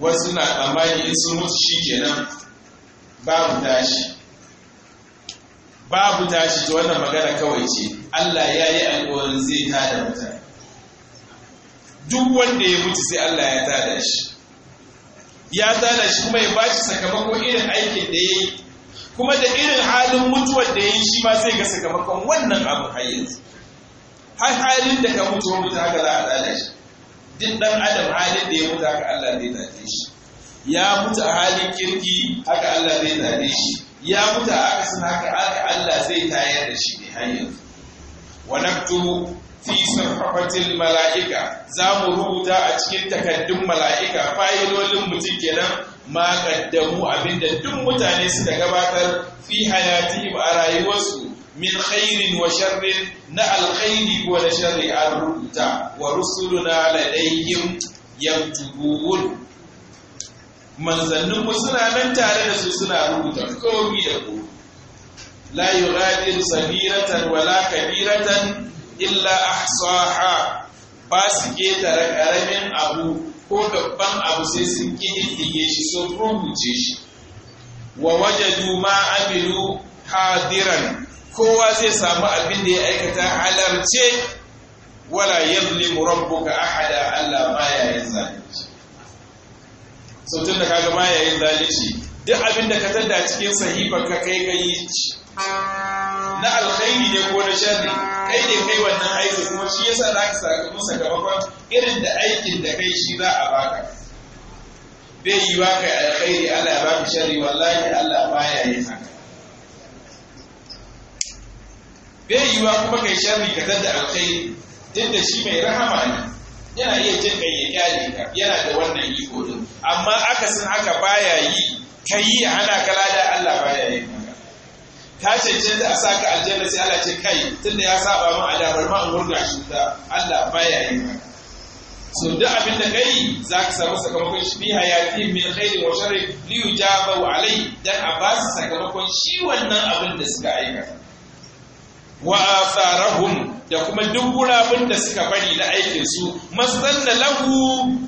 S1: wasu na tsammani in sun mutu shi kenan babu tashi babu tashi ta wannan magana kawai ce Allah ya yi alkawarin zai da mutane duk wanda ya mutu sai Allah ya tada shi ya tada shi kuma ya ba shi sakamakon irin aikin da ya yi kuma da irin halin mutuwar da ya yi shi ma sai ga sakamakon wannan abu har yanzu har halin da ka mutu mutu haka za a tada shi duk dan adam halin da ya mutu haka Allah zai tafi shi ya mutu a halin kirki haka Allah zai tafi shi ya mutu a akasin haka haka Allah zai tayar da shi ne hanyar. wa naktu fi sarfafatil mala'ika za mu rubuta a cikin takaddun mala'ika fayilolin mutum kenan ma kaddamu abinda duk mutane suka gabatar fi ba a rayuwarsu min khairin wa sharrin na alkhairi ko da sharri an rubuta wa rusuluna ladayhim manzannin mu suna nan tare da su suna rubuta komai da komai
S2: la yughadir sabiratan wala kabiratan
S1: illa ahsaha ba su ketare karamin abu ko babban abu sai sun kididdige shi sun rubuce shi wa wajadu ma amilu hadiran kowa zai samu abin da ya aikata halarce wala yadli rabbuka ahada Allah ma yayin zalunci so tun da kaga ma yayin zalunci duk abin da ka tada cikin sahifa ka kai yi shi. na alkhairi ne ko na sharri kai ne kai wannan aiki kuma shi yasa za ka samu sakamakon irin da aikin da kai shi za a baka bai yi wa kai alkhairi Allah ya baka sharri wallahi Allah ya yi haka bai wa kuma kai sharri ka tada alkhairi duk da shi mai rahama ne yana iya jin kai ya yana da wannan iko din amma akasin haka baya yi kai ana kala da Allah baya yi ka da a saka aljanna sai Allah ce kai tunda ya saba min adabar ma an wurga shi da Allah baya yi so da abin da kai za ka samu sakamakon shi hayati ya min khairi wa sharri li yujabu alai dan a ba su sakamakon shi wannan abin da suka aikata wa asarahum da kuma duk gurabun da suka bari na aikin su masanna lahu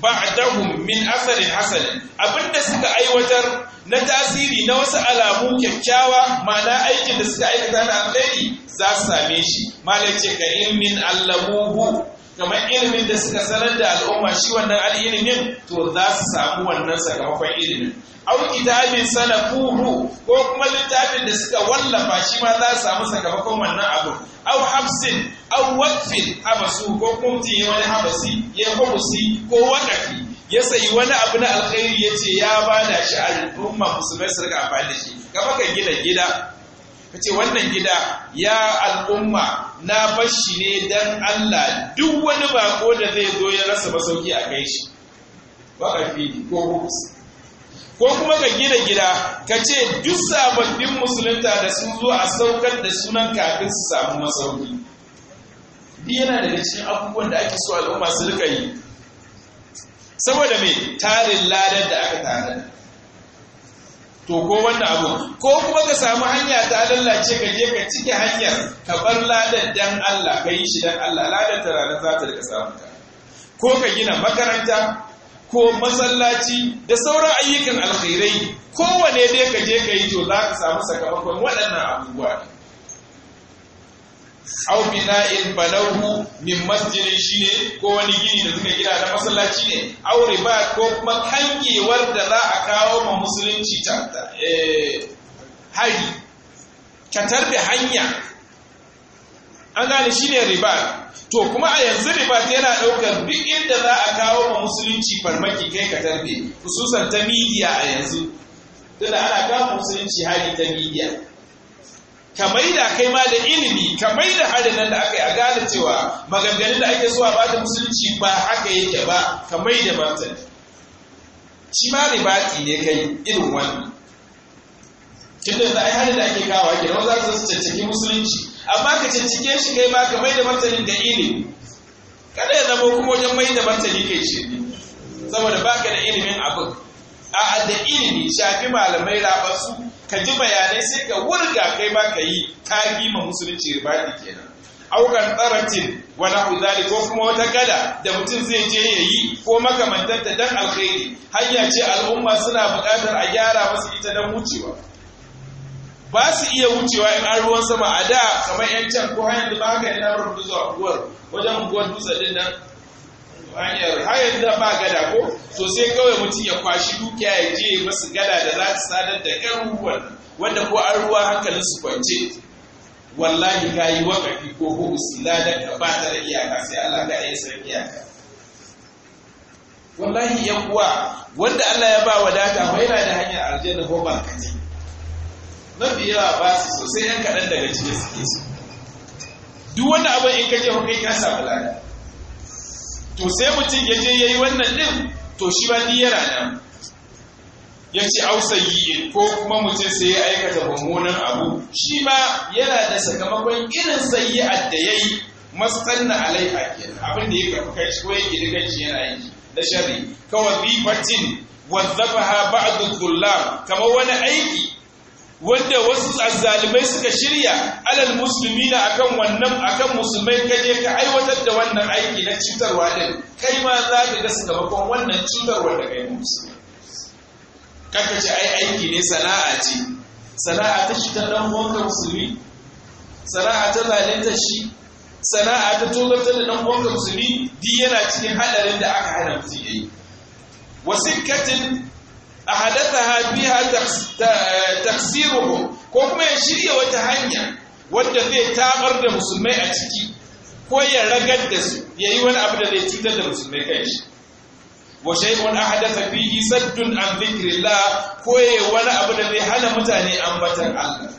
S1: ba'dahum min asarin hasan abinda suka aiwatar na tasiri na wasu alamu kyakkyawa ma'ana aikin da suka aikata na alheri za su same shi malam ce ka in min allamuhu kamar ilimin da suka sanar da al'umma shi wannan al'ilimin to za su samu wannan sakamakon ilimin au kitabin salafuhu ko kuma littafin da suka wallafa shi ma za su samu sakamakon wannan abu au habsin au wakfin habasu ko kuma ya wani habasi ya hubusi ko wakafi ya sayi wani abu na alkhairi ya ce ya bada shi al'umma musulmai su rika amfani da shi kama kan gina gida ka wannan gida ya al'umma na bashi ne dan Allah duk wani bako da zai zo ya rasa masauki a kai shi waƙarfi ko hukus ko kuma ka gina gida ka ce duk sababbin musulunta da sun zo a saukar da sunan kafin su samu masauki duk yana daga cikin abubuwan da ake so al'umma su rika yi saboda me tarin ladar da aka tarar. to ko wannan abu ko kuma ka samu hanya ta lallace ka je ka cike hanyar ka bar ladan dan Allah ka yi shi dan Allah ladan ta ranar za ta rika samu ka ko ka gina makaranta ko masallaci da sauran ayyukan alkhairai kowane dai ka je ka yi to za ka samu sakamakon waɗannan abubuwa aw bina'in banawhu min masjidin shine ko wani gini da suka gida na masallaci ne aw riba ko kuma kangewar da za a kawo ma musulunci ta eh, hari ka tarbe hanya an gane shine riba to kuma a yanzu riba yana daukar duk inda za a kawo ma musulunci farmaki kai ka tarbe hususan ta midiya a yanzu tunda ana kawo musulunci hari ta midiya ka maida kai ma da ilimi ka maida harin nan da aka yi a gane cewa maganganun da ake zuwa bata musulunci ba haka yake ba ka maida martani shi ma ribati ne kai irin wannan tun da ai harin da ake kawo ake nan za su cancaki musulunci amma ka cancike shi kai ma ka maida martani da ilimi kada ya zama kuma wajen maida martani kai shi saboda baka da ilimin abin a da ilimi shafi malamai su, ka ji bayanai sai ka wurga kai ma ka yi ta ma musulunci ribadi kenan aukan tsaratin wani huzari ko kuma wata gada da mutum zai je ya yi ko makamantanta don alkhairi hanya ce al'umma suna buƙatar a gyara masu ita don wucewa ba su iya wucewa in an ruwan sama a da kamar 'yancan ko hanyar da ba haka yana rubutu zuwa kuwar wajen unguwar dutse nan hanyar hayar da ba gada ko so sai kawai mutum ya kwashi dukiya ya je masu gada da za su sadar da garuruwan wanda ko an ruwa hankalin su kwance wallahi ka yi wakafi ko ko usila da ka ba ta da iyaka sai Allah ka yi san iyaka wallahi yan uwa wanda Allah ya ba wadata ba yana da hanyar aljanna ko barkati mafi yawa ba su sosai yan kaɗan daga cikin suke su duk wani abin in kaje je kai ka samu lada to sai mutum ya je ya yi wannan ɗin to shi ba ni yana nan ya ce ausayi ko kuma mutum sai ya aikata mummunan abu shi ba yana da sakamakon irin sayyi'ar da ya yi masanna alaiha kenan abin da ya ga kai ko ya gidi kai shi yana yi da shari kawai bi batin wadzabaha ba'd dhullam kamar wani aiki wanda wasu azzalimai suka shirya alal musulmi na akan wannan akan musulmai kaje ka aiwatar da wannan aiki na cutarwa din kai ma za ka ga sakamakon wannan cutarwa da kai musu kaka ce ai aiki ne sana'a ce sana'a ta shi ta dan uwanka musulmi sana'a ta zalinta shi sana'a ta tobar ta da dan uwanka musulmi duk yana cikin hadarin da aka hana mutum yayi wasikatin a hadatha taksiruhum ko kuma ya shirya wata hanya wadda zai tabar da musulmai a ciki ko ya ragar da su ya yi wani abu da zai cutar da musulmai kai shi wa shay'un ahdatha fihi saddun an dhikrillah ko ya wani abu da zai hana mutane ambatan Allah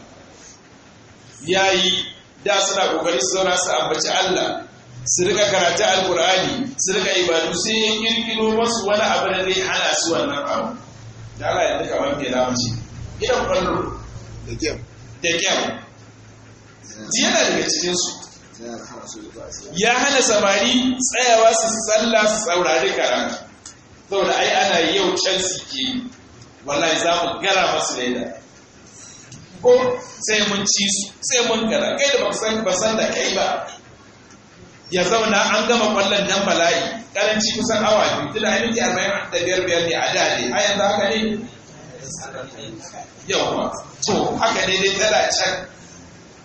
S1: yayi da suna kokari su zauna su ambaci Allah su rika karatu alkur'ani su rika ibadu sai ya kirkiro masu wani abu da zai hana su wannan abu da Allah yanzu kamar me za mu ce idan kwallo da kyau da kyau Ziyara daga cikinsu ya hana samari tsayawa su tsalla su saurari karatu saboda ai ana yau chelsea ke wallahi za mu gara masu laida ko sai mun ci su sai mun gara kai da ba san da kai ba ya zauna an gama kwallon nan bala'i karanci kusan awa biyu tunda ai arba'in da biyar biyar ne a dade a yanzu haka ne ma to haka ne dai tana can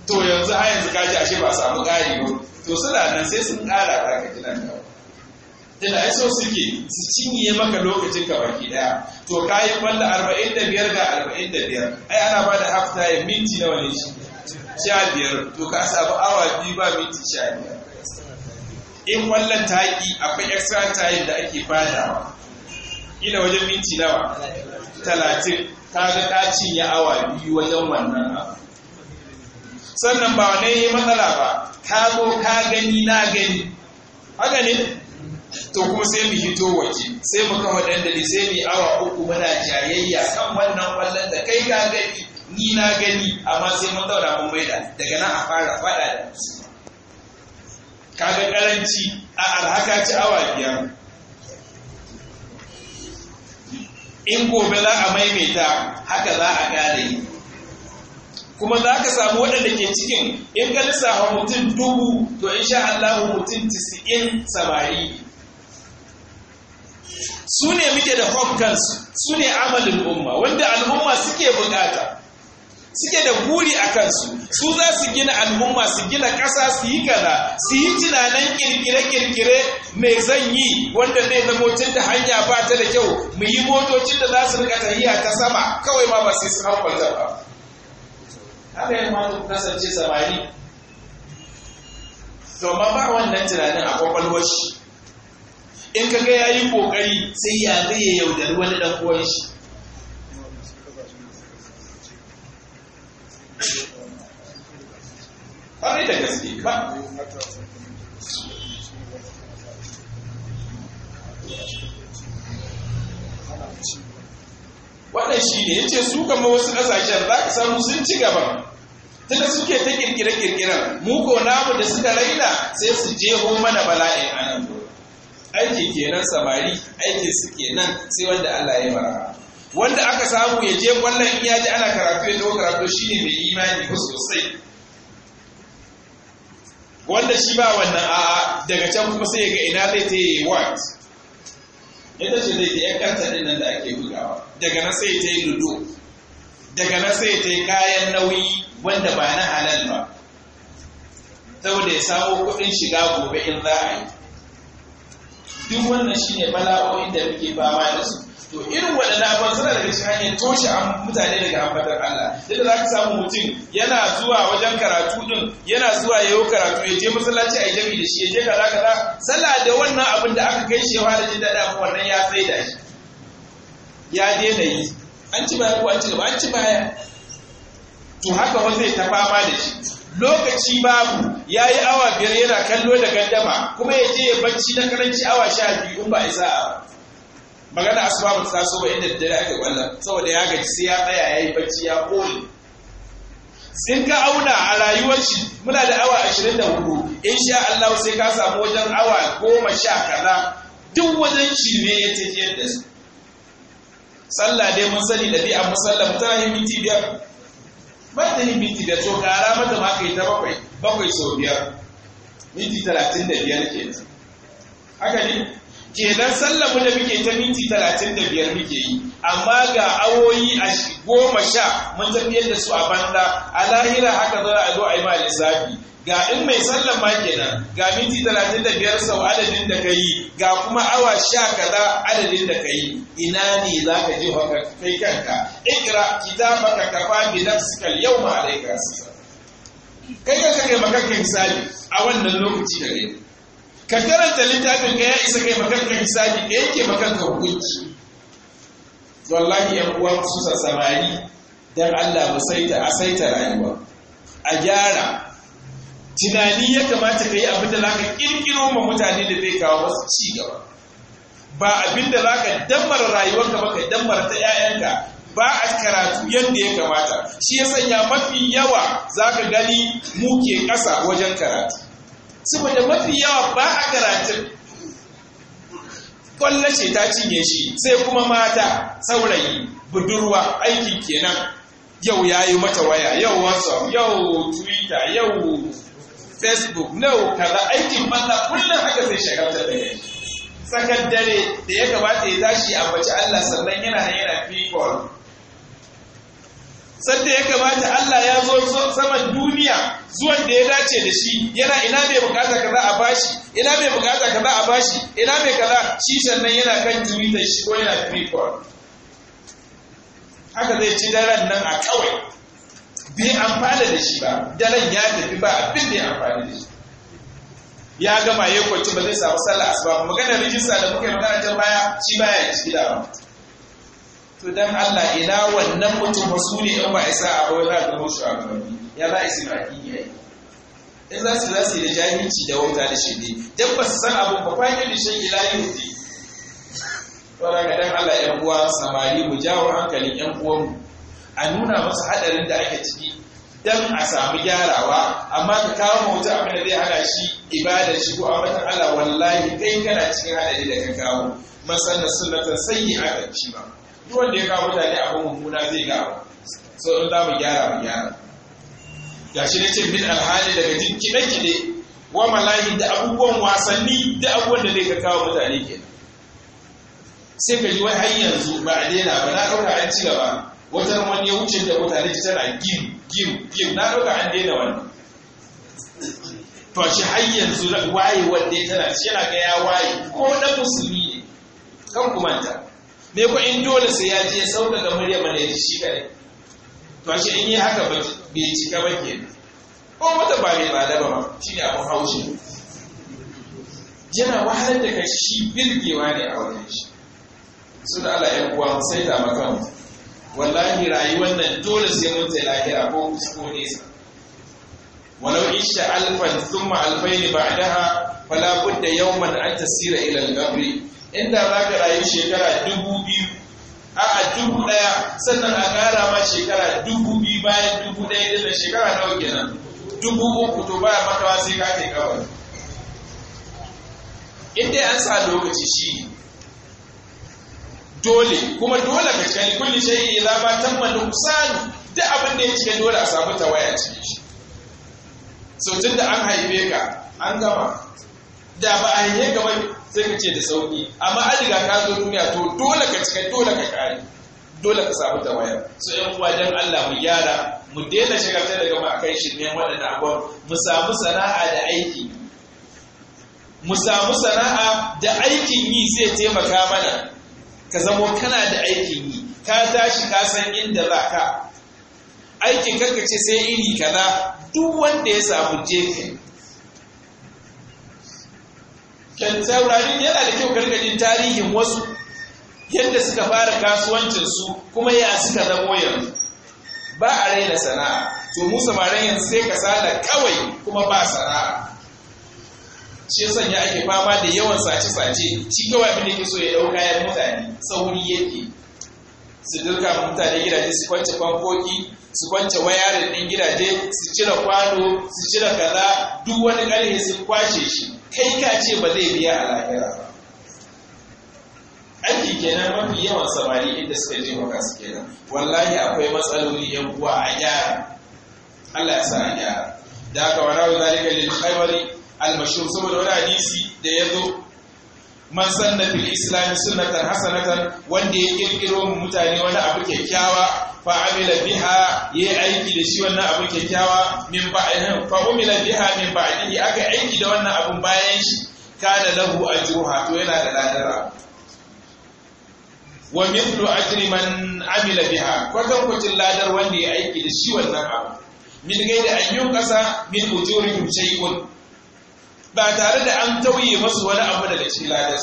S1: to yanzu a yanzu kaji ashe ba samu ƙari ba to suna nan sai sun ƙara ta ka ji da tunda ai so suke su cinye maka lokacin ka baki daya to yi banda arba'in da biyar ga arba'in da biyar ai ana ba da half time minti nawa ne shi sha biyar to ka samu awa biyu ba minti sha biyar in kwallon ta yi akwai extra time da ake badawa ina wajen minti nawa talatin ga ta cinye awa biyu wajen wannan sannan ba wane yi matsala ba ka zo ka gani na gani haka ne to kuma sai mu hito waje sai mu kama dandali sai mu awa uku muna jayayya kan wannan kwallon da kai ka gani ni na gani amma sai mun zauna mun maida daga nan a fara faɗa da su kaga karanci a alhaka ci awa biyar in gobe za a maimaita haka za a gane kuma za ka samu waɗanda ke cikin in ka wa mutum dubu to in sha Allah mutum tisa'in samari su ne muke da fokans su ne amalin umma wanda al'umma suke bukata suke da buri a kansu su za su gina al'umma su gina ƙasa su yi kaza su yi tunanin kirkire ƙirƙire mai zan yi wanda zai zama tun da hanya ba ta da kyau mu yi motocin da za su rika tafiya ta sama kawai ma ba sai su hau kwalta ba haka yin ma kasance samari to ba wannan tunanin a kwakwalwar shi in ka ga yayi kokari sai ya zai yaudari wani dan uwan shi ƙwarai da gaske ba wannan shi ne ya su kama wasu ƙasashen za ka samu sun ci gaba tunda suke ta kirkire-kirkiren na namu da suka raina sai su jeho mana bala'in anan aiki kenan samari aiki suke nan, sai wanda Allah ya mara wanda aka samu ya je wannan in ya ji ana karatu ya dawo karatu shine mai imani ko sosai wanda shi ba wannan a daga can kuma sai ga ina zai ta yi what ita ce zai ta yakanta din nan da ake bugawa daga nan sai ta yi ludo daga nan sai ta yi kayan nauyi wanda ba na halal ba saboda ya samu kuɗin shiga gobe in za a yi duk wannan shi ne bala'o'in da muke fama da su to irin waɗanda abubuwan suna da cikin hanyar toshe mutane daga amfanin Allah yadda za ka samu mutum yana zuwa wajen karatu din yana zuwa ya karatu ya je masallaci a jami da shi ya je kaza kaza sallah da wannan abin da aka kai shewa da jin daɗi wannan ya sai da shi ya daina yi an ci baya ko an ci gaba an ci baya to haka wani zai ta fama da shi lokaci babu ya yi awa biyar yana kallo da gandama kuma ya je bacci na karanci awa sha biyu in ba isa a magana asuba ba ta so ba inda dare ake wannan saboda ya gaji sai ya tsaya ya yi bacci ya kone sun ka auna a rayuwar shi muna da awa ashirin da hudu in sha Allah sai ka samu wajen awa goma sha kaza duk wajen shi ne ya tafiyar da su sallah dai mun sani da ɗabi'a musallam tana yi minti biyar bai da minti da so kara mata ma kai ta bakwai bakwai sau biyar minti talatin da biyar nan haka ne kenan sallamu da muke ta minti talatin da biyar muke yi amma ga awoyi a goma sha mun tafiyar da su a banda a lahira haka za a zo a yi ma lissafi ga in mai sallan ma kenan ga minti 35 da sau adadin da ka yi ga kuma awa sha kaza adadin da ka yi ina ne za ka ji haka kai kanka ikra kitabaka kafa bi nafsika al-yawma alayka kai kanka kai makanka misali a wannan lokaci da kai ka karanta littafin ka ya isa kai makanka misali ka yake makanka hukunci wallahi yan uwa su sa samari dan Allah a saita rayuwa a gyara tunani ya kamata ka yi abin za ka ƙirƙiro ma mutane da zai kawo masu ci gaba ba abin da za ka dammara rayuwarka ba ka dammara ta 'ya'yanka ba a karatu yadda ya kamata shi ya sanya mafi yawa za ka gani muke ƙasa wajen karatu saboda mafi yawa ba a karatun ce ta cinye shi sai kuma mata saurayi budurwa aikin kenan yau ya yi mata waya yau whatsapp yau twitter yau facebook no kaza aikin banza kullum haka zai shagaltar da kai sakar dare da ya kamata ya tashi a bace Allah sannan yana da yana people da ya kamata Allah ya zo saman duniya zuwan da ya dace da shi yana ina mai bukata kaza a bashi ina mai bukata kaza a bashi ina mai kaza shi sannan yana kan twitter shi ko yana people haka zai ci daren nan a kawai bai amfana da shi ba daren ya tafi ba abin da ya amfana da shi ya gama ya kwanci ba zai samu sallah asuba ba maganar rijista da muke magana can baya shi baya ya ci da to dan Allah ina wannan mutum wasu in ba isa a wani da shi a gani ya ba a ba ki ya yi in za su za su yi da jahilci da wauta da shi ne dan ba su san abin ba fa'idar da shi ilahi yau ne to dan Allah 'yan uwa samari mu jawo hankalin 'yan uwanmu a nuna masa haɗarin da ake ciki don a samu gyarawa amma ka kawo mutum abin da zai hana shi ibada shi ko ambaton Allah wallahi kai kana cikin haɗari da ka kawo masanna sunnatan sayyi'atan shi ba duk wanda ya kawo mutane abin muna zai gawa, abu so in za mu gyara mu gyara shi na ce min alhali daga jin kiɗe-kiɗe wa malahi da abubuwan wasanni da abubuwan da zai ka kawo mutane kenan sai ka ji wai har yanzu ba a daina ba na ɗauka an ci gaba wata wani ya wuce da mutane ta tana giyu giyu giyu na ɗauka an daina wannan to shi har yanzu waye wanda ya tana shi yana ga ya waye ko na musulmi ne kan ku manta me ko in dole sai ya je sau daga murya mana ya shi kare to shi in yi haka ba bai cika ba ke ko wata ba mai ba ba shi ne abin haushi yana wahalar da kai shi birgewa ne a wajen shi su da Allah ya uwa sai ta maka mu wallahi rayuwar nan dole sai mun tai lahira ko kusa ko nesa walau isha alfan thumma alfayn ba'daha fala budda yawman an tasira ila al-qabr inda ka rayu shekara dubu biyu a a dubu daya sannan a kara ma shekara dubu biyu bayan dubu daya din shekara nawa kenan dubu uku to baya matawa sai ka kai kawai in dai an sa lokaci shi dole kuma dole ka kai kulli shay idza ba tamma nuqsan da abin da ya dole a samu waya ce shi so da an haife ka an gama da ba a yi ka sai ka ce da sauki amma an riga ka zo duniya to dole ka cika dole ka kare dole ka samu waya so in uwa dan Allah mu gyara mu daina shagaltar da gama shi ne waɗannan abun mu samu sana'a da aiki mu samu sana'a da aikin yi zai taimaka mana ka zamo kana da aikin yi ka tashi ka san inda za ka aikin karka ce sai iri kaza duk wanda ya samu jefe kan saurari yana da kyau karkajin tarihin wasu yadda suka fara kasuwancinsu kuma ya suka zamo yanzu ba a raina sana'a to mu samarin yanzu sai ka sada kawai kuma ba sana'a shi yasa ya ake fama da yawan sace-sace shi kawai abin da ke so ya dauka kayan mutane sauri yake su dirka mutane gidaje su kwance bankoki su kwance din ɗin gidaje su cire kwano su cire kaza duk wani ƙarfe sun kwashe shi kai ka ce ba zai biya a lahira ba aiki kenan mafi yawan samari inda suka je maka su kenan wallahi akwai matsaloli yan uwa a gyara Allah ya sa a gyara da aka wa wa zalika lil khaybari al-mashhur saboda wani hadisi da ya zo man sanna fil islam sunnatan hasanatan wanda ya kirkiro mutane wani abu kyakkyawa fa amila biha ya aiki da shi wannan abu kyakkyawa min ba'in fa umila biha min ba'dihi aka aiki da wannan abun bayan shi kana lahu ajruha to yana da ladara wa mithlu ajri man amila biha kwatan kwacin ladar wanda ya aiki da shi wannan abu min gaida ayyun yun kasa min ujurin shay'un ba tare da an tauye masu wani abu daga cikin ladas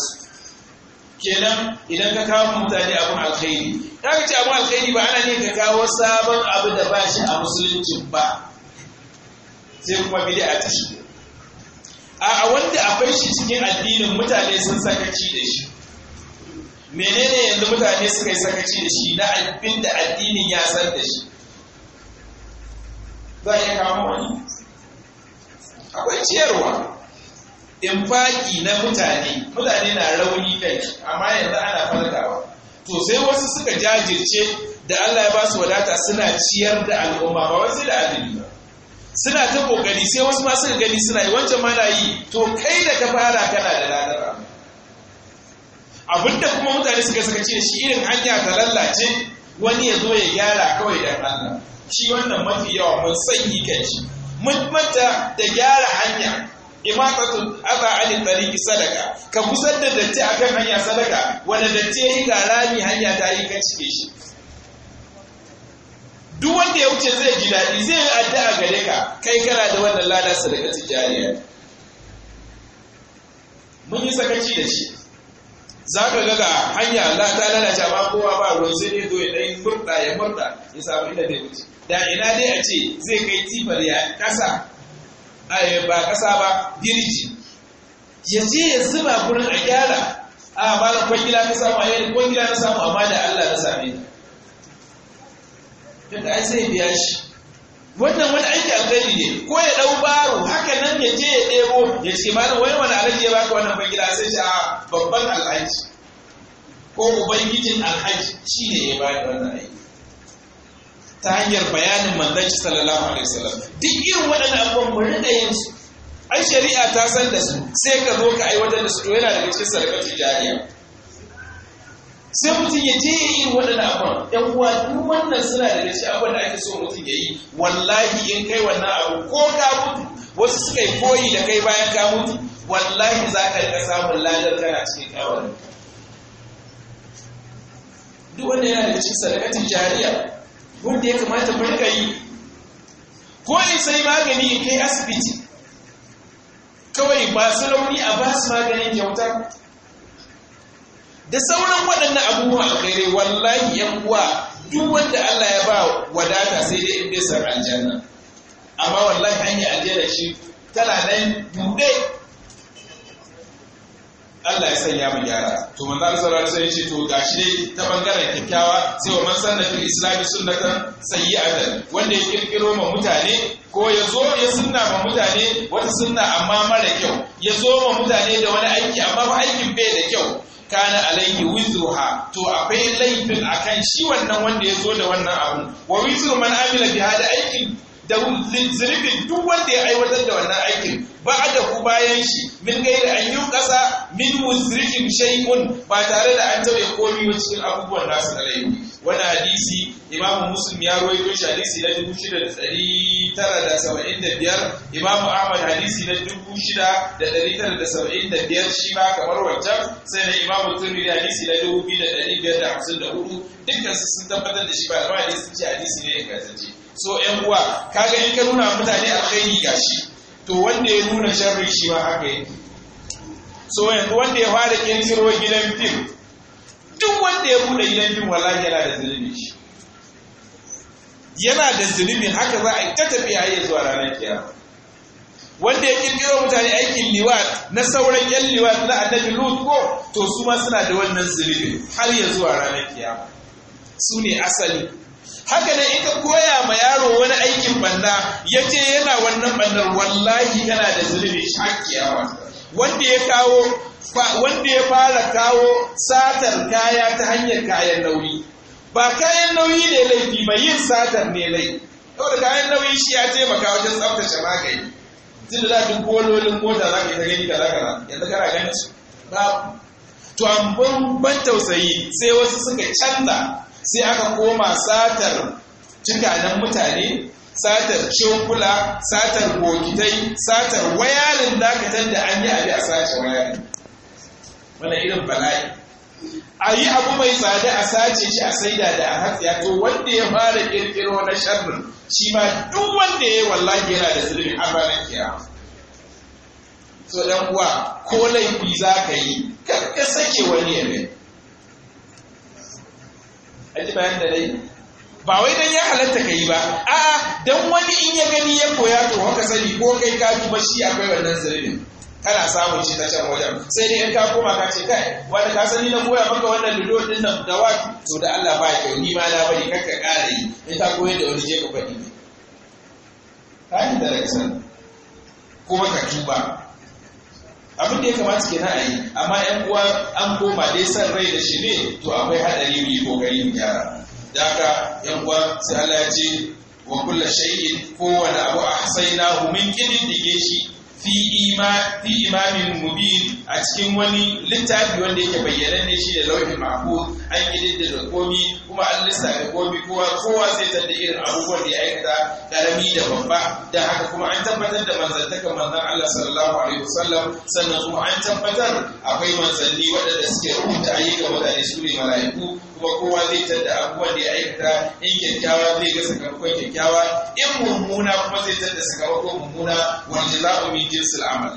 S1: kenan idan ka kawo mutane abin alkhairi ka ce abu alkhairi ba ana ne ka kawo sabon abu da ba shi a musulunci ba sai kuma bid'a ta shi a wanda akwai shi cikin addinin mutane sun sakaci da shi menene yanzu mutane suka yi sakaci da shi na abin da addinin ya san da shi za a iya kawo wani akwai ciyarwa infaki na mutane mutane na rauni da shi amma yanzu ana farkawa to sai wasu suka jajirce da Allah ya ba su wadata suna ciyar da al'umma ba wasu da adili ba suna ta kokari sai wasu ma suka gani suna yi wancan ma na yi to kai da ka fara kana da ladar abinda kuma mutane suka suka ce shi irin hanya ta lallace wani ya zo ya gyara kawai da Allah shi wannan mafi yawa mun sanyi kai shi mun manta da gyara hanya aka aba ali tariki sadaka ka kusar da datti akan hanya sadaka wanda datti yayi ga alami hanya ta yi kan cike shi duk wanda ya wuce zai ji daɗi zai yi addu'a gare ka kai kana da wannan lada sadaka tijariya mun yi sakaci da shi za ka ga ga hanya Allah ta lalace ba kowa ba ruwan sai ne zo ya dai murda ya murda ya samu inda zai wuce da ina dai a ce zai kai tifar ya kasa Eh, ba ƙasa ba girji ya je ya zuba gurin a gyara a malam kwangila na samu a yi kwangila na samu amma da Allah na same ta da ai sai biya shi wannan wani aiki a gani ne ko ya ɗau baro haka nan ya je ya ɗebo ya ce malam wani wani alaji ya baka wannan kwangila sai shi a babban alhaji ko ubangijin alhaji shi ne ya baka wannan aiki ta hanyar bayanin manzanci sallallahu alaihi wasallam duk irin waɗannan abubuwan mu rinda yin su ai shari'a ta san da su sai ka zo ka aiwatar da su to yana daga cikin sarkar jariya sai mutum ya je ya yi waɗannan abubuwan ɗan uwa duk wannan suna da cikin abubuwan da ake so mutum ya yi wallahi in kai wannan abu ko ka mutu wasu suka yi koyi da kai bayan ka mutu wallahi za ka ka samun ladar kana cikin kawarin duk wanda yana da cikin sadakatin jariya wanda ya kamata mu rika yi ko in sai magani in kai asibiti kawai ba su rauni a basu su maganin kyauta da sauran waɗannan abubuwa a kai wallahi yan uwa duk wanda Allah ya ba wadata sai dai in bai san aljanna amma wallahi hanyar aljanna shi tana nan buɗe Allah ya sanya mu gyara to manzo Allah sallallahu alaihi wasallam ce to gashi dai ta bangaren kyakkyawa sai wa man sanna fil islam sunnatan sayyi'atan wanda ya kirkiro ma mutane ko ya zo ya sunna ma mutane wata sunna amma mara kyau ya zo ma mutane da wani aiki amma ba aikin bai da kyau kana alayhi wizruha to akwai laifin akan shi wannan wanda ya zo da wannan abu wa wizru man amila bi hada aikin da zunubin duk wanda ya aiwatar da wannan aikin ba da ku bayan shi min gaira an yi kasa min musrifin shay'un ba tare da an tare komi ba cikin abubuwan nasu na laifi wani hadisi imamu muslim ya rawaito shi hadisi na dubu shida da ɗari tara da saba'in da biyar imamu ahmad hadisi na dubu shida da ɗari tara da saba'in da biyar shi ma kamar wancan sai na imamu turmiri hadisi na dubu biyu da ɗari biyar da hamsin da hudu dukkan su sun tabbatar da shi ba amma hadisi ce hadisi ne ingantacce so yan uwa kaga in ka nuna mutane a alkhairi gashi to wanda ya nuna sharri shi ma haka yake so yanzu wanda ya fara kintiro gidan fim duk wanda ya bude gidan fim wallahi yana da zunubi shi yana da zunubi haka za a yi ta tafiya har zuwa ranar kiyama wanda ya kirkiro mutane aikin liwat na sauran yan liwat na annabi lut ko to su ma suna da wannan zunubi har ya zuwa ranar kiyama su ne asali haka nan in ka koya ma yaro wani aikin banna ya ce yana wannan bannar wallahi yana da zulubi shakiyawa wanda ya kawo wanda ya fara kawo satar kaya ta hanyar kayan nauyi ba kayan nauyi ne laifi ba yin satar ne laifi da kayan nauyi shi ya taimaka wajen tsaftace magani tun da duk kololin mota za ka yi ta gani kaza kaza yanzu kana ganin su to an ban tausayi sai wasu suka canza sai aka koma satar cikanin mutane satar cokula satar bokitai satar wayarin dakatar da an yi abi a sace wayalin wannan irin bala'i a yi abu mai tsada a sace shi a saida da a hatsiya to wanda ya fara kirkiro na sharrin shi ma duk wanda ya yi wallahi yana da zulmi a ranar kiyama so dan uwa ko laifi za ka yi kar ka sake wani ya Ali bayan da dai ba wai dan ya halatta kai ba a'a dan wani in ya gani ya koya to haka sani ko kai ka duba shi akwai wannan zulumin kana samun shi ta can wajen sai dai in ka koma ka ce kai wani ka sani na koya maka wannan ludo din nan da wa to da Allah ba ya ni ma na bari kar ka ƙara yi in ka koyar da wani je ka faɗi ne ka yi da kuma ka tuba abin da ya kamata ke na yi amma yan uwa an koma dai san rai da shi ne to akwai hadari mu yi kokari mu gyara da haka yan uwa sai Allah ya ce wa kullu shay'in kowane abu ahsaynahu min kididdige shi fi imamin mubin a cikin wani littafi wanda yake bayyana ne shi da lauhin mako an gidan da komi kuma an lissafi komi kowa kowa zai tadda irin abubuwan da ya aikata karami da babba da haka kuma an tabbatar da manzantaka manzan Allah sallallahu alaihi wasallam sannan kuma an tabbatar akwai manzanni waɗanda suke rubuta ayyukan mutane su ne mala'iku kuma kowa zai canza abubuwan da ya aikata in kyakkyawa zai ga sakamakon kyakkyawa in mummuna kuma zai canza sakamakon mummuna wanda za a min jinsul amal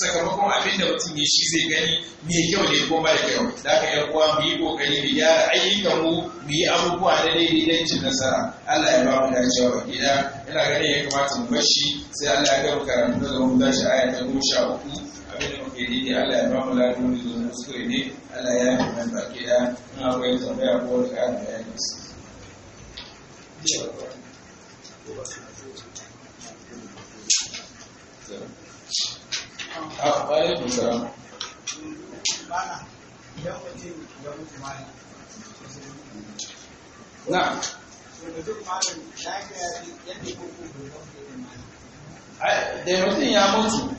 S1: sakamakon abin da mutum ya shi zai gani mai kyau ne ko mara kyau da aka yi uwa mu yi kokari mu gyara ayyukan mu mu yi abubuwa na daidai don cin nasara Allah ya ba mu dacewa wa gida yana ganin ya kamata mu bar shi sai Allah ya gama karanta da mu tashi aya ta mu sha uku daidai ne Allah ya ba mu da zuwa suke ne Allah ya yi mai baki da na akwai tambaya ko da ƙarin bayani
S2: a bayan musa na da
S1: mutum ya mutu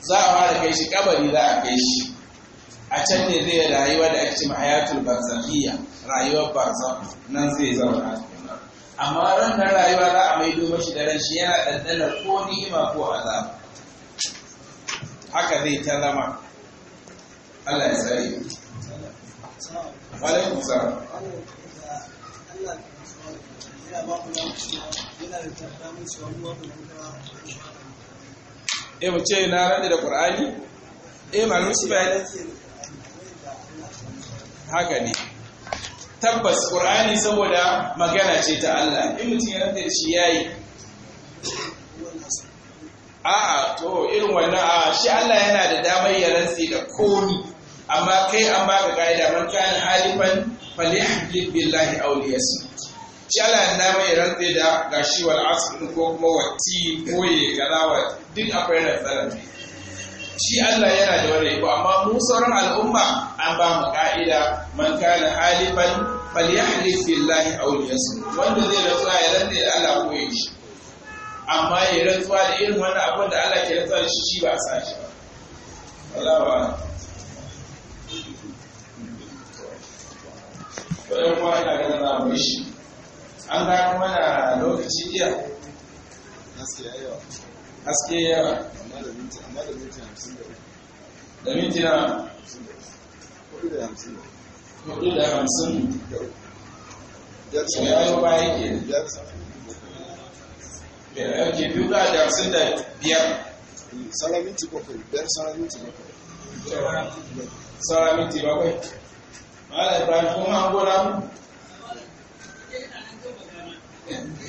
S1: za a fara kai shi kabari za a kai shi a can ne zai rayuwa da ake hayatul barzakiya rayuwar barzakh nan zai zauna amma ran nan rayuwa za a maido shi da ran shi yana ɗanɗanar ko ni'ima ko azab haka zai ta zama
S2: Allah ya tsare alaikum salam Allah ya ba ku yana da tabbamin cewa wani ba ku
S1: E mu ce na rantsa da qur'ani eh malu shi bayani haka ne tabbas ƙwar'ani saboda magana ce ta Allah in mutum ya rantsa da shi yi. a'a to irin wannan a shi Allah yana da damar ya rantsi da komi amma kai an baka kaida man kayan halifan falyahdi billahi aw shi Allah ya dama ya rantse da gashi wal asr ko kuma wati ko ya galawa duk akwai rantsarar ne shi Allah yana da wani iko amma mu sauran al'umma an ba mu ka'ida man kana halifan falyahlif billahi aw liyasmut wanda zai rantsa ya rantse da Allah ko ya shi amma ya rantsuwa da irin wani abin da Allah ke rantsuwa da shi shi ba a sa shi ba Allah ba to ɗan uwa ina ganin za shi an gano mana lokaci iya haske yawa da minti hamsin da minti na hudu da hamsin da ya yi bayan ke ke biyu da hamsin da biyar sauran minti bakwai biyar sauran minti bakwai sauran minti bakwai ma'ala ibrahim kuma an gona mu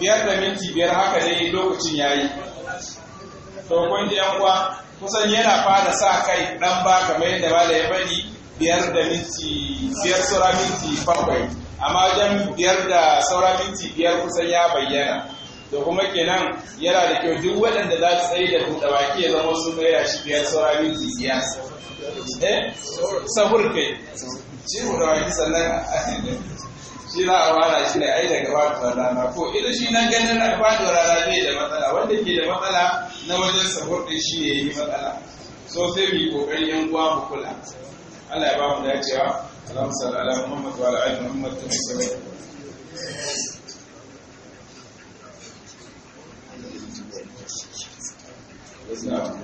S2: biyar da minti biyar haka dai lokacin ya yi
S1: dogon yan uwa kusan yana fara sa kai dan ba kamar yadda ba da ya bani biyar da minti biyar saura minti bakwai amma wajen biyar da saura minti biyar kusan ya bayyana da kuma kenan yana da kyau duk waɗanda za su tsaye da buɗe baki ya zama sun tsaya shi biyar saura minti biyar eh sahur kai shi buɗe baki sannan shi za a wara shi ne ai daga faɗuwar rana ko idan shi na ganin faɗuwar rana bai da matsala wanda ke da matsala na wajen sahur ɗin shi ne yi matsala so sai mu yi ƙoƙari yan uwa mu kula Allah ya ba mu dacewa Allahumma salli ala Muhammad wa ala ali Muhammad kamar
S2: نعم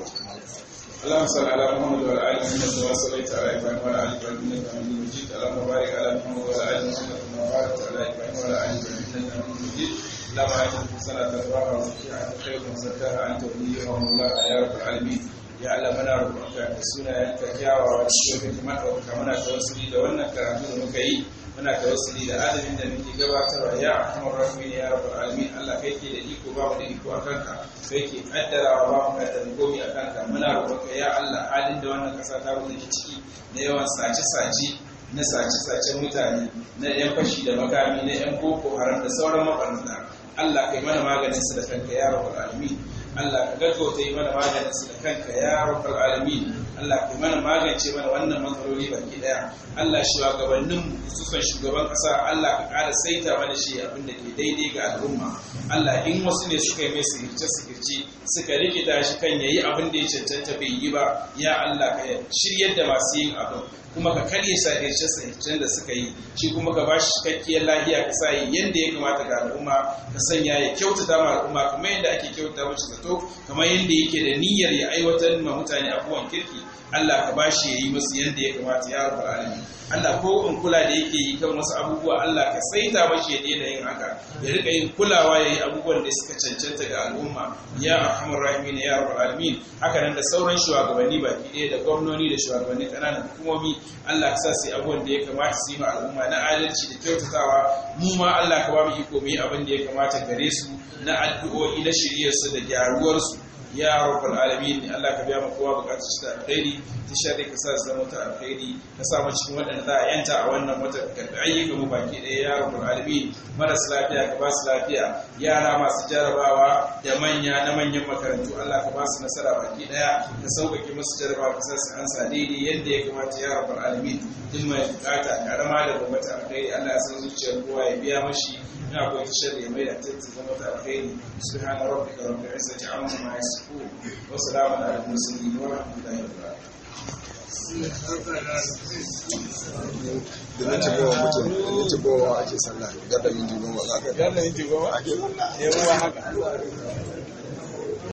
S2: اللهم صل على محمد وعلى ال محمد كما صليت على ابراهيم وعلى ال ابراهيم انك حميد
S1: مجيد اللهم بارك على محمد وعلى ال محمد كما باركت على ابراهيم وعلى ال ابراهيم انك حميد مجيد اللهم اعز الحسنى تبراها وزكيها انت خير من زكاها انت وليها ومولاها يا رب العالمين ya Allah muna roƙonka da sunayen ka kyawawa cikin kuma ɗauka muna tawassuli da wannan karatu da muka yi muna tawassuli da alamin da muke gabatarwa ya arhamar rahimin ya rabbal alamin Allah kai ke da iko ba mu da iko a kanka kai ke kaddarawa ba mu da gomi a kanka muna roƙonka ya Allah halin da wannan kasa ta rubuta ciki na yawan sace-sace na sace-sacen mutane na 'yan fashi da makami na 'yan boko haram da sauran mabarnata Allah kai mana maganin su da kanka ya rabu alamin. Allah ka gaggauta yi mana maganin su da kanka ya rabbal alamin Allah ka mana magance mana wannan matsaloli baki daya Allah shugabannin musamman shugaban kasa Allah ka ƙara saita mana shi abin da ke daidai ga al'umma Allah in wasu ne suka yi mai sihirce sihirce suka rikita shi kan yayi abin da ya cancanta bai yi ba ya Allah ka shiryar da masu yin abin kuma ka karye sahihancen sahihancen da suka yi shi kuma ka ba shi cikakkiyar lahiya ka sa yi yadda ya kamata ga al'umma ka sanya ya kyautata ma al'umma kamar yadda ake kyautata mashi zato kamar yadda yake da niyyar ya aiwatar ma mutane abubuwan kirki Allah ka ba ya yi musu yadda ya kamata ya rabbal alamin Allah ko in kula da yake yi kan wasu abubuwa Allah ka saita bashi ya daina yin haka ya rika yin kulawa yayi abubuwan da suka cancanta ga al'umma ya arhamar na ya rabbal alamin haka nan da sauran shugabanni baki ɗaya da gwamnoni da shugabanni ƙananan hukumomi Allah ka sa su abubuwan da ya kamata su yi ma al'umma na adalci da kyautatawa mu ma Allah ka ba mu iko mu yi abin da ya kamata gare su na addu'o'i na su, da gyaruwarsu ya rabbal alamin Allah ka biya mu kowa bukatun su da alkhairi ta shari ka sa su zama ta alkhairi ka sa mu cikin waɗanda za a yanta a wannan watan karɓi ayyuka mu baki ɗaya ya rabbal alamin marasa lafiya ka ba su lafiya yara masu jarabawa da manya na manyan makarantu Allah ka ba su nasara baki ɗaya ka sauƙaƙe musu jaraba ka sa su an sa daidai yadda ya kamata ya rabbal alamin duk mai bukata karama da gwamnati alkhairi Allah ya san zuciyar kowa ya biya mashi ina ko ta shari'a mai da ta zama ta alkhairi subhana rabbika rabbil izzati amma ma yasifun wa salamun ala mursalin su rahmatullahi wa barakatuh da minti goma mutum minti goma ake sallah da minti goma za ka da minti ake sallah
S2: haka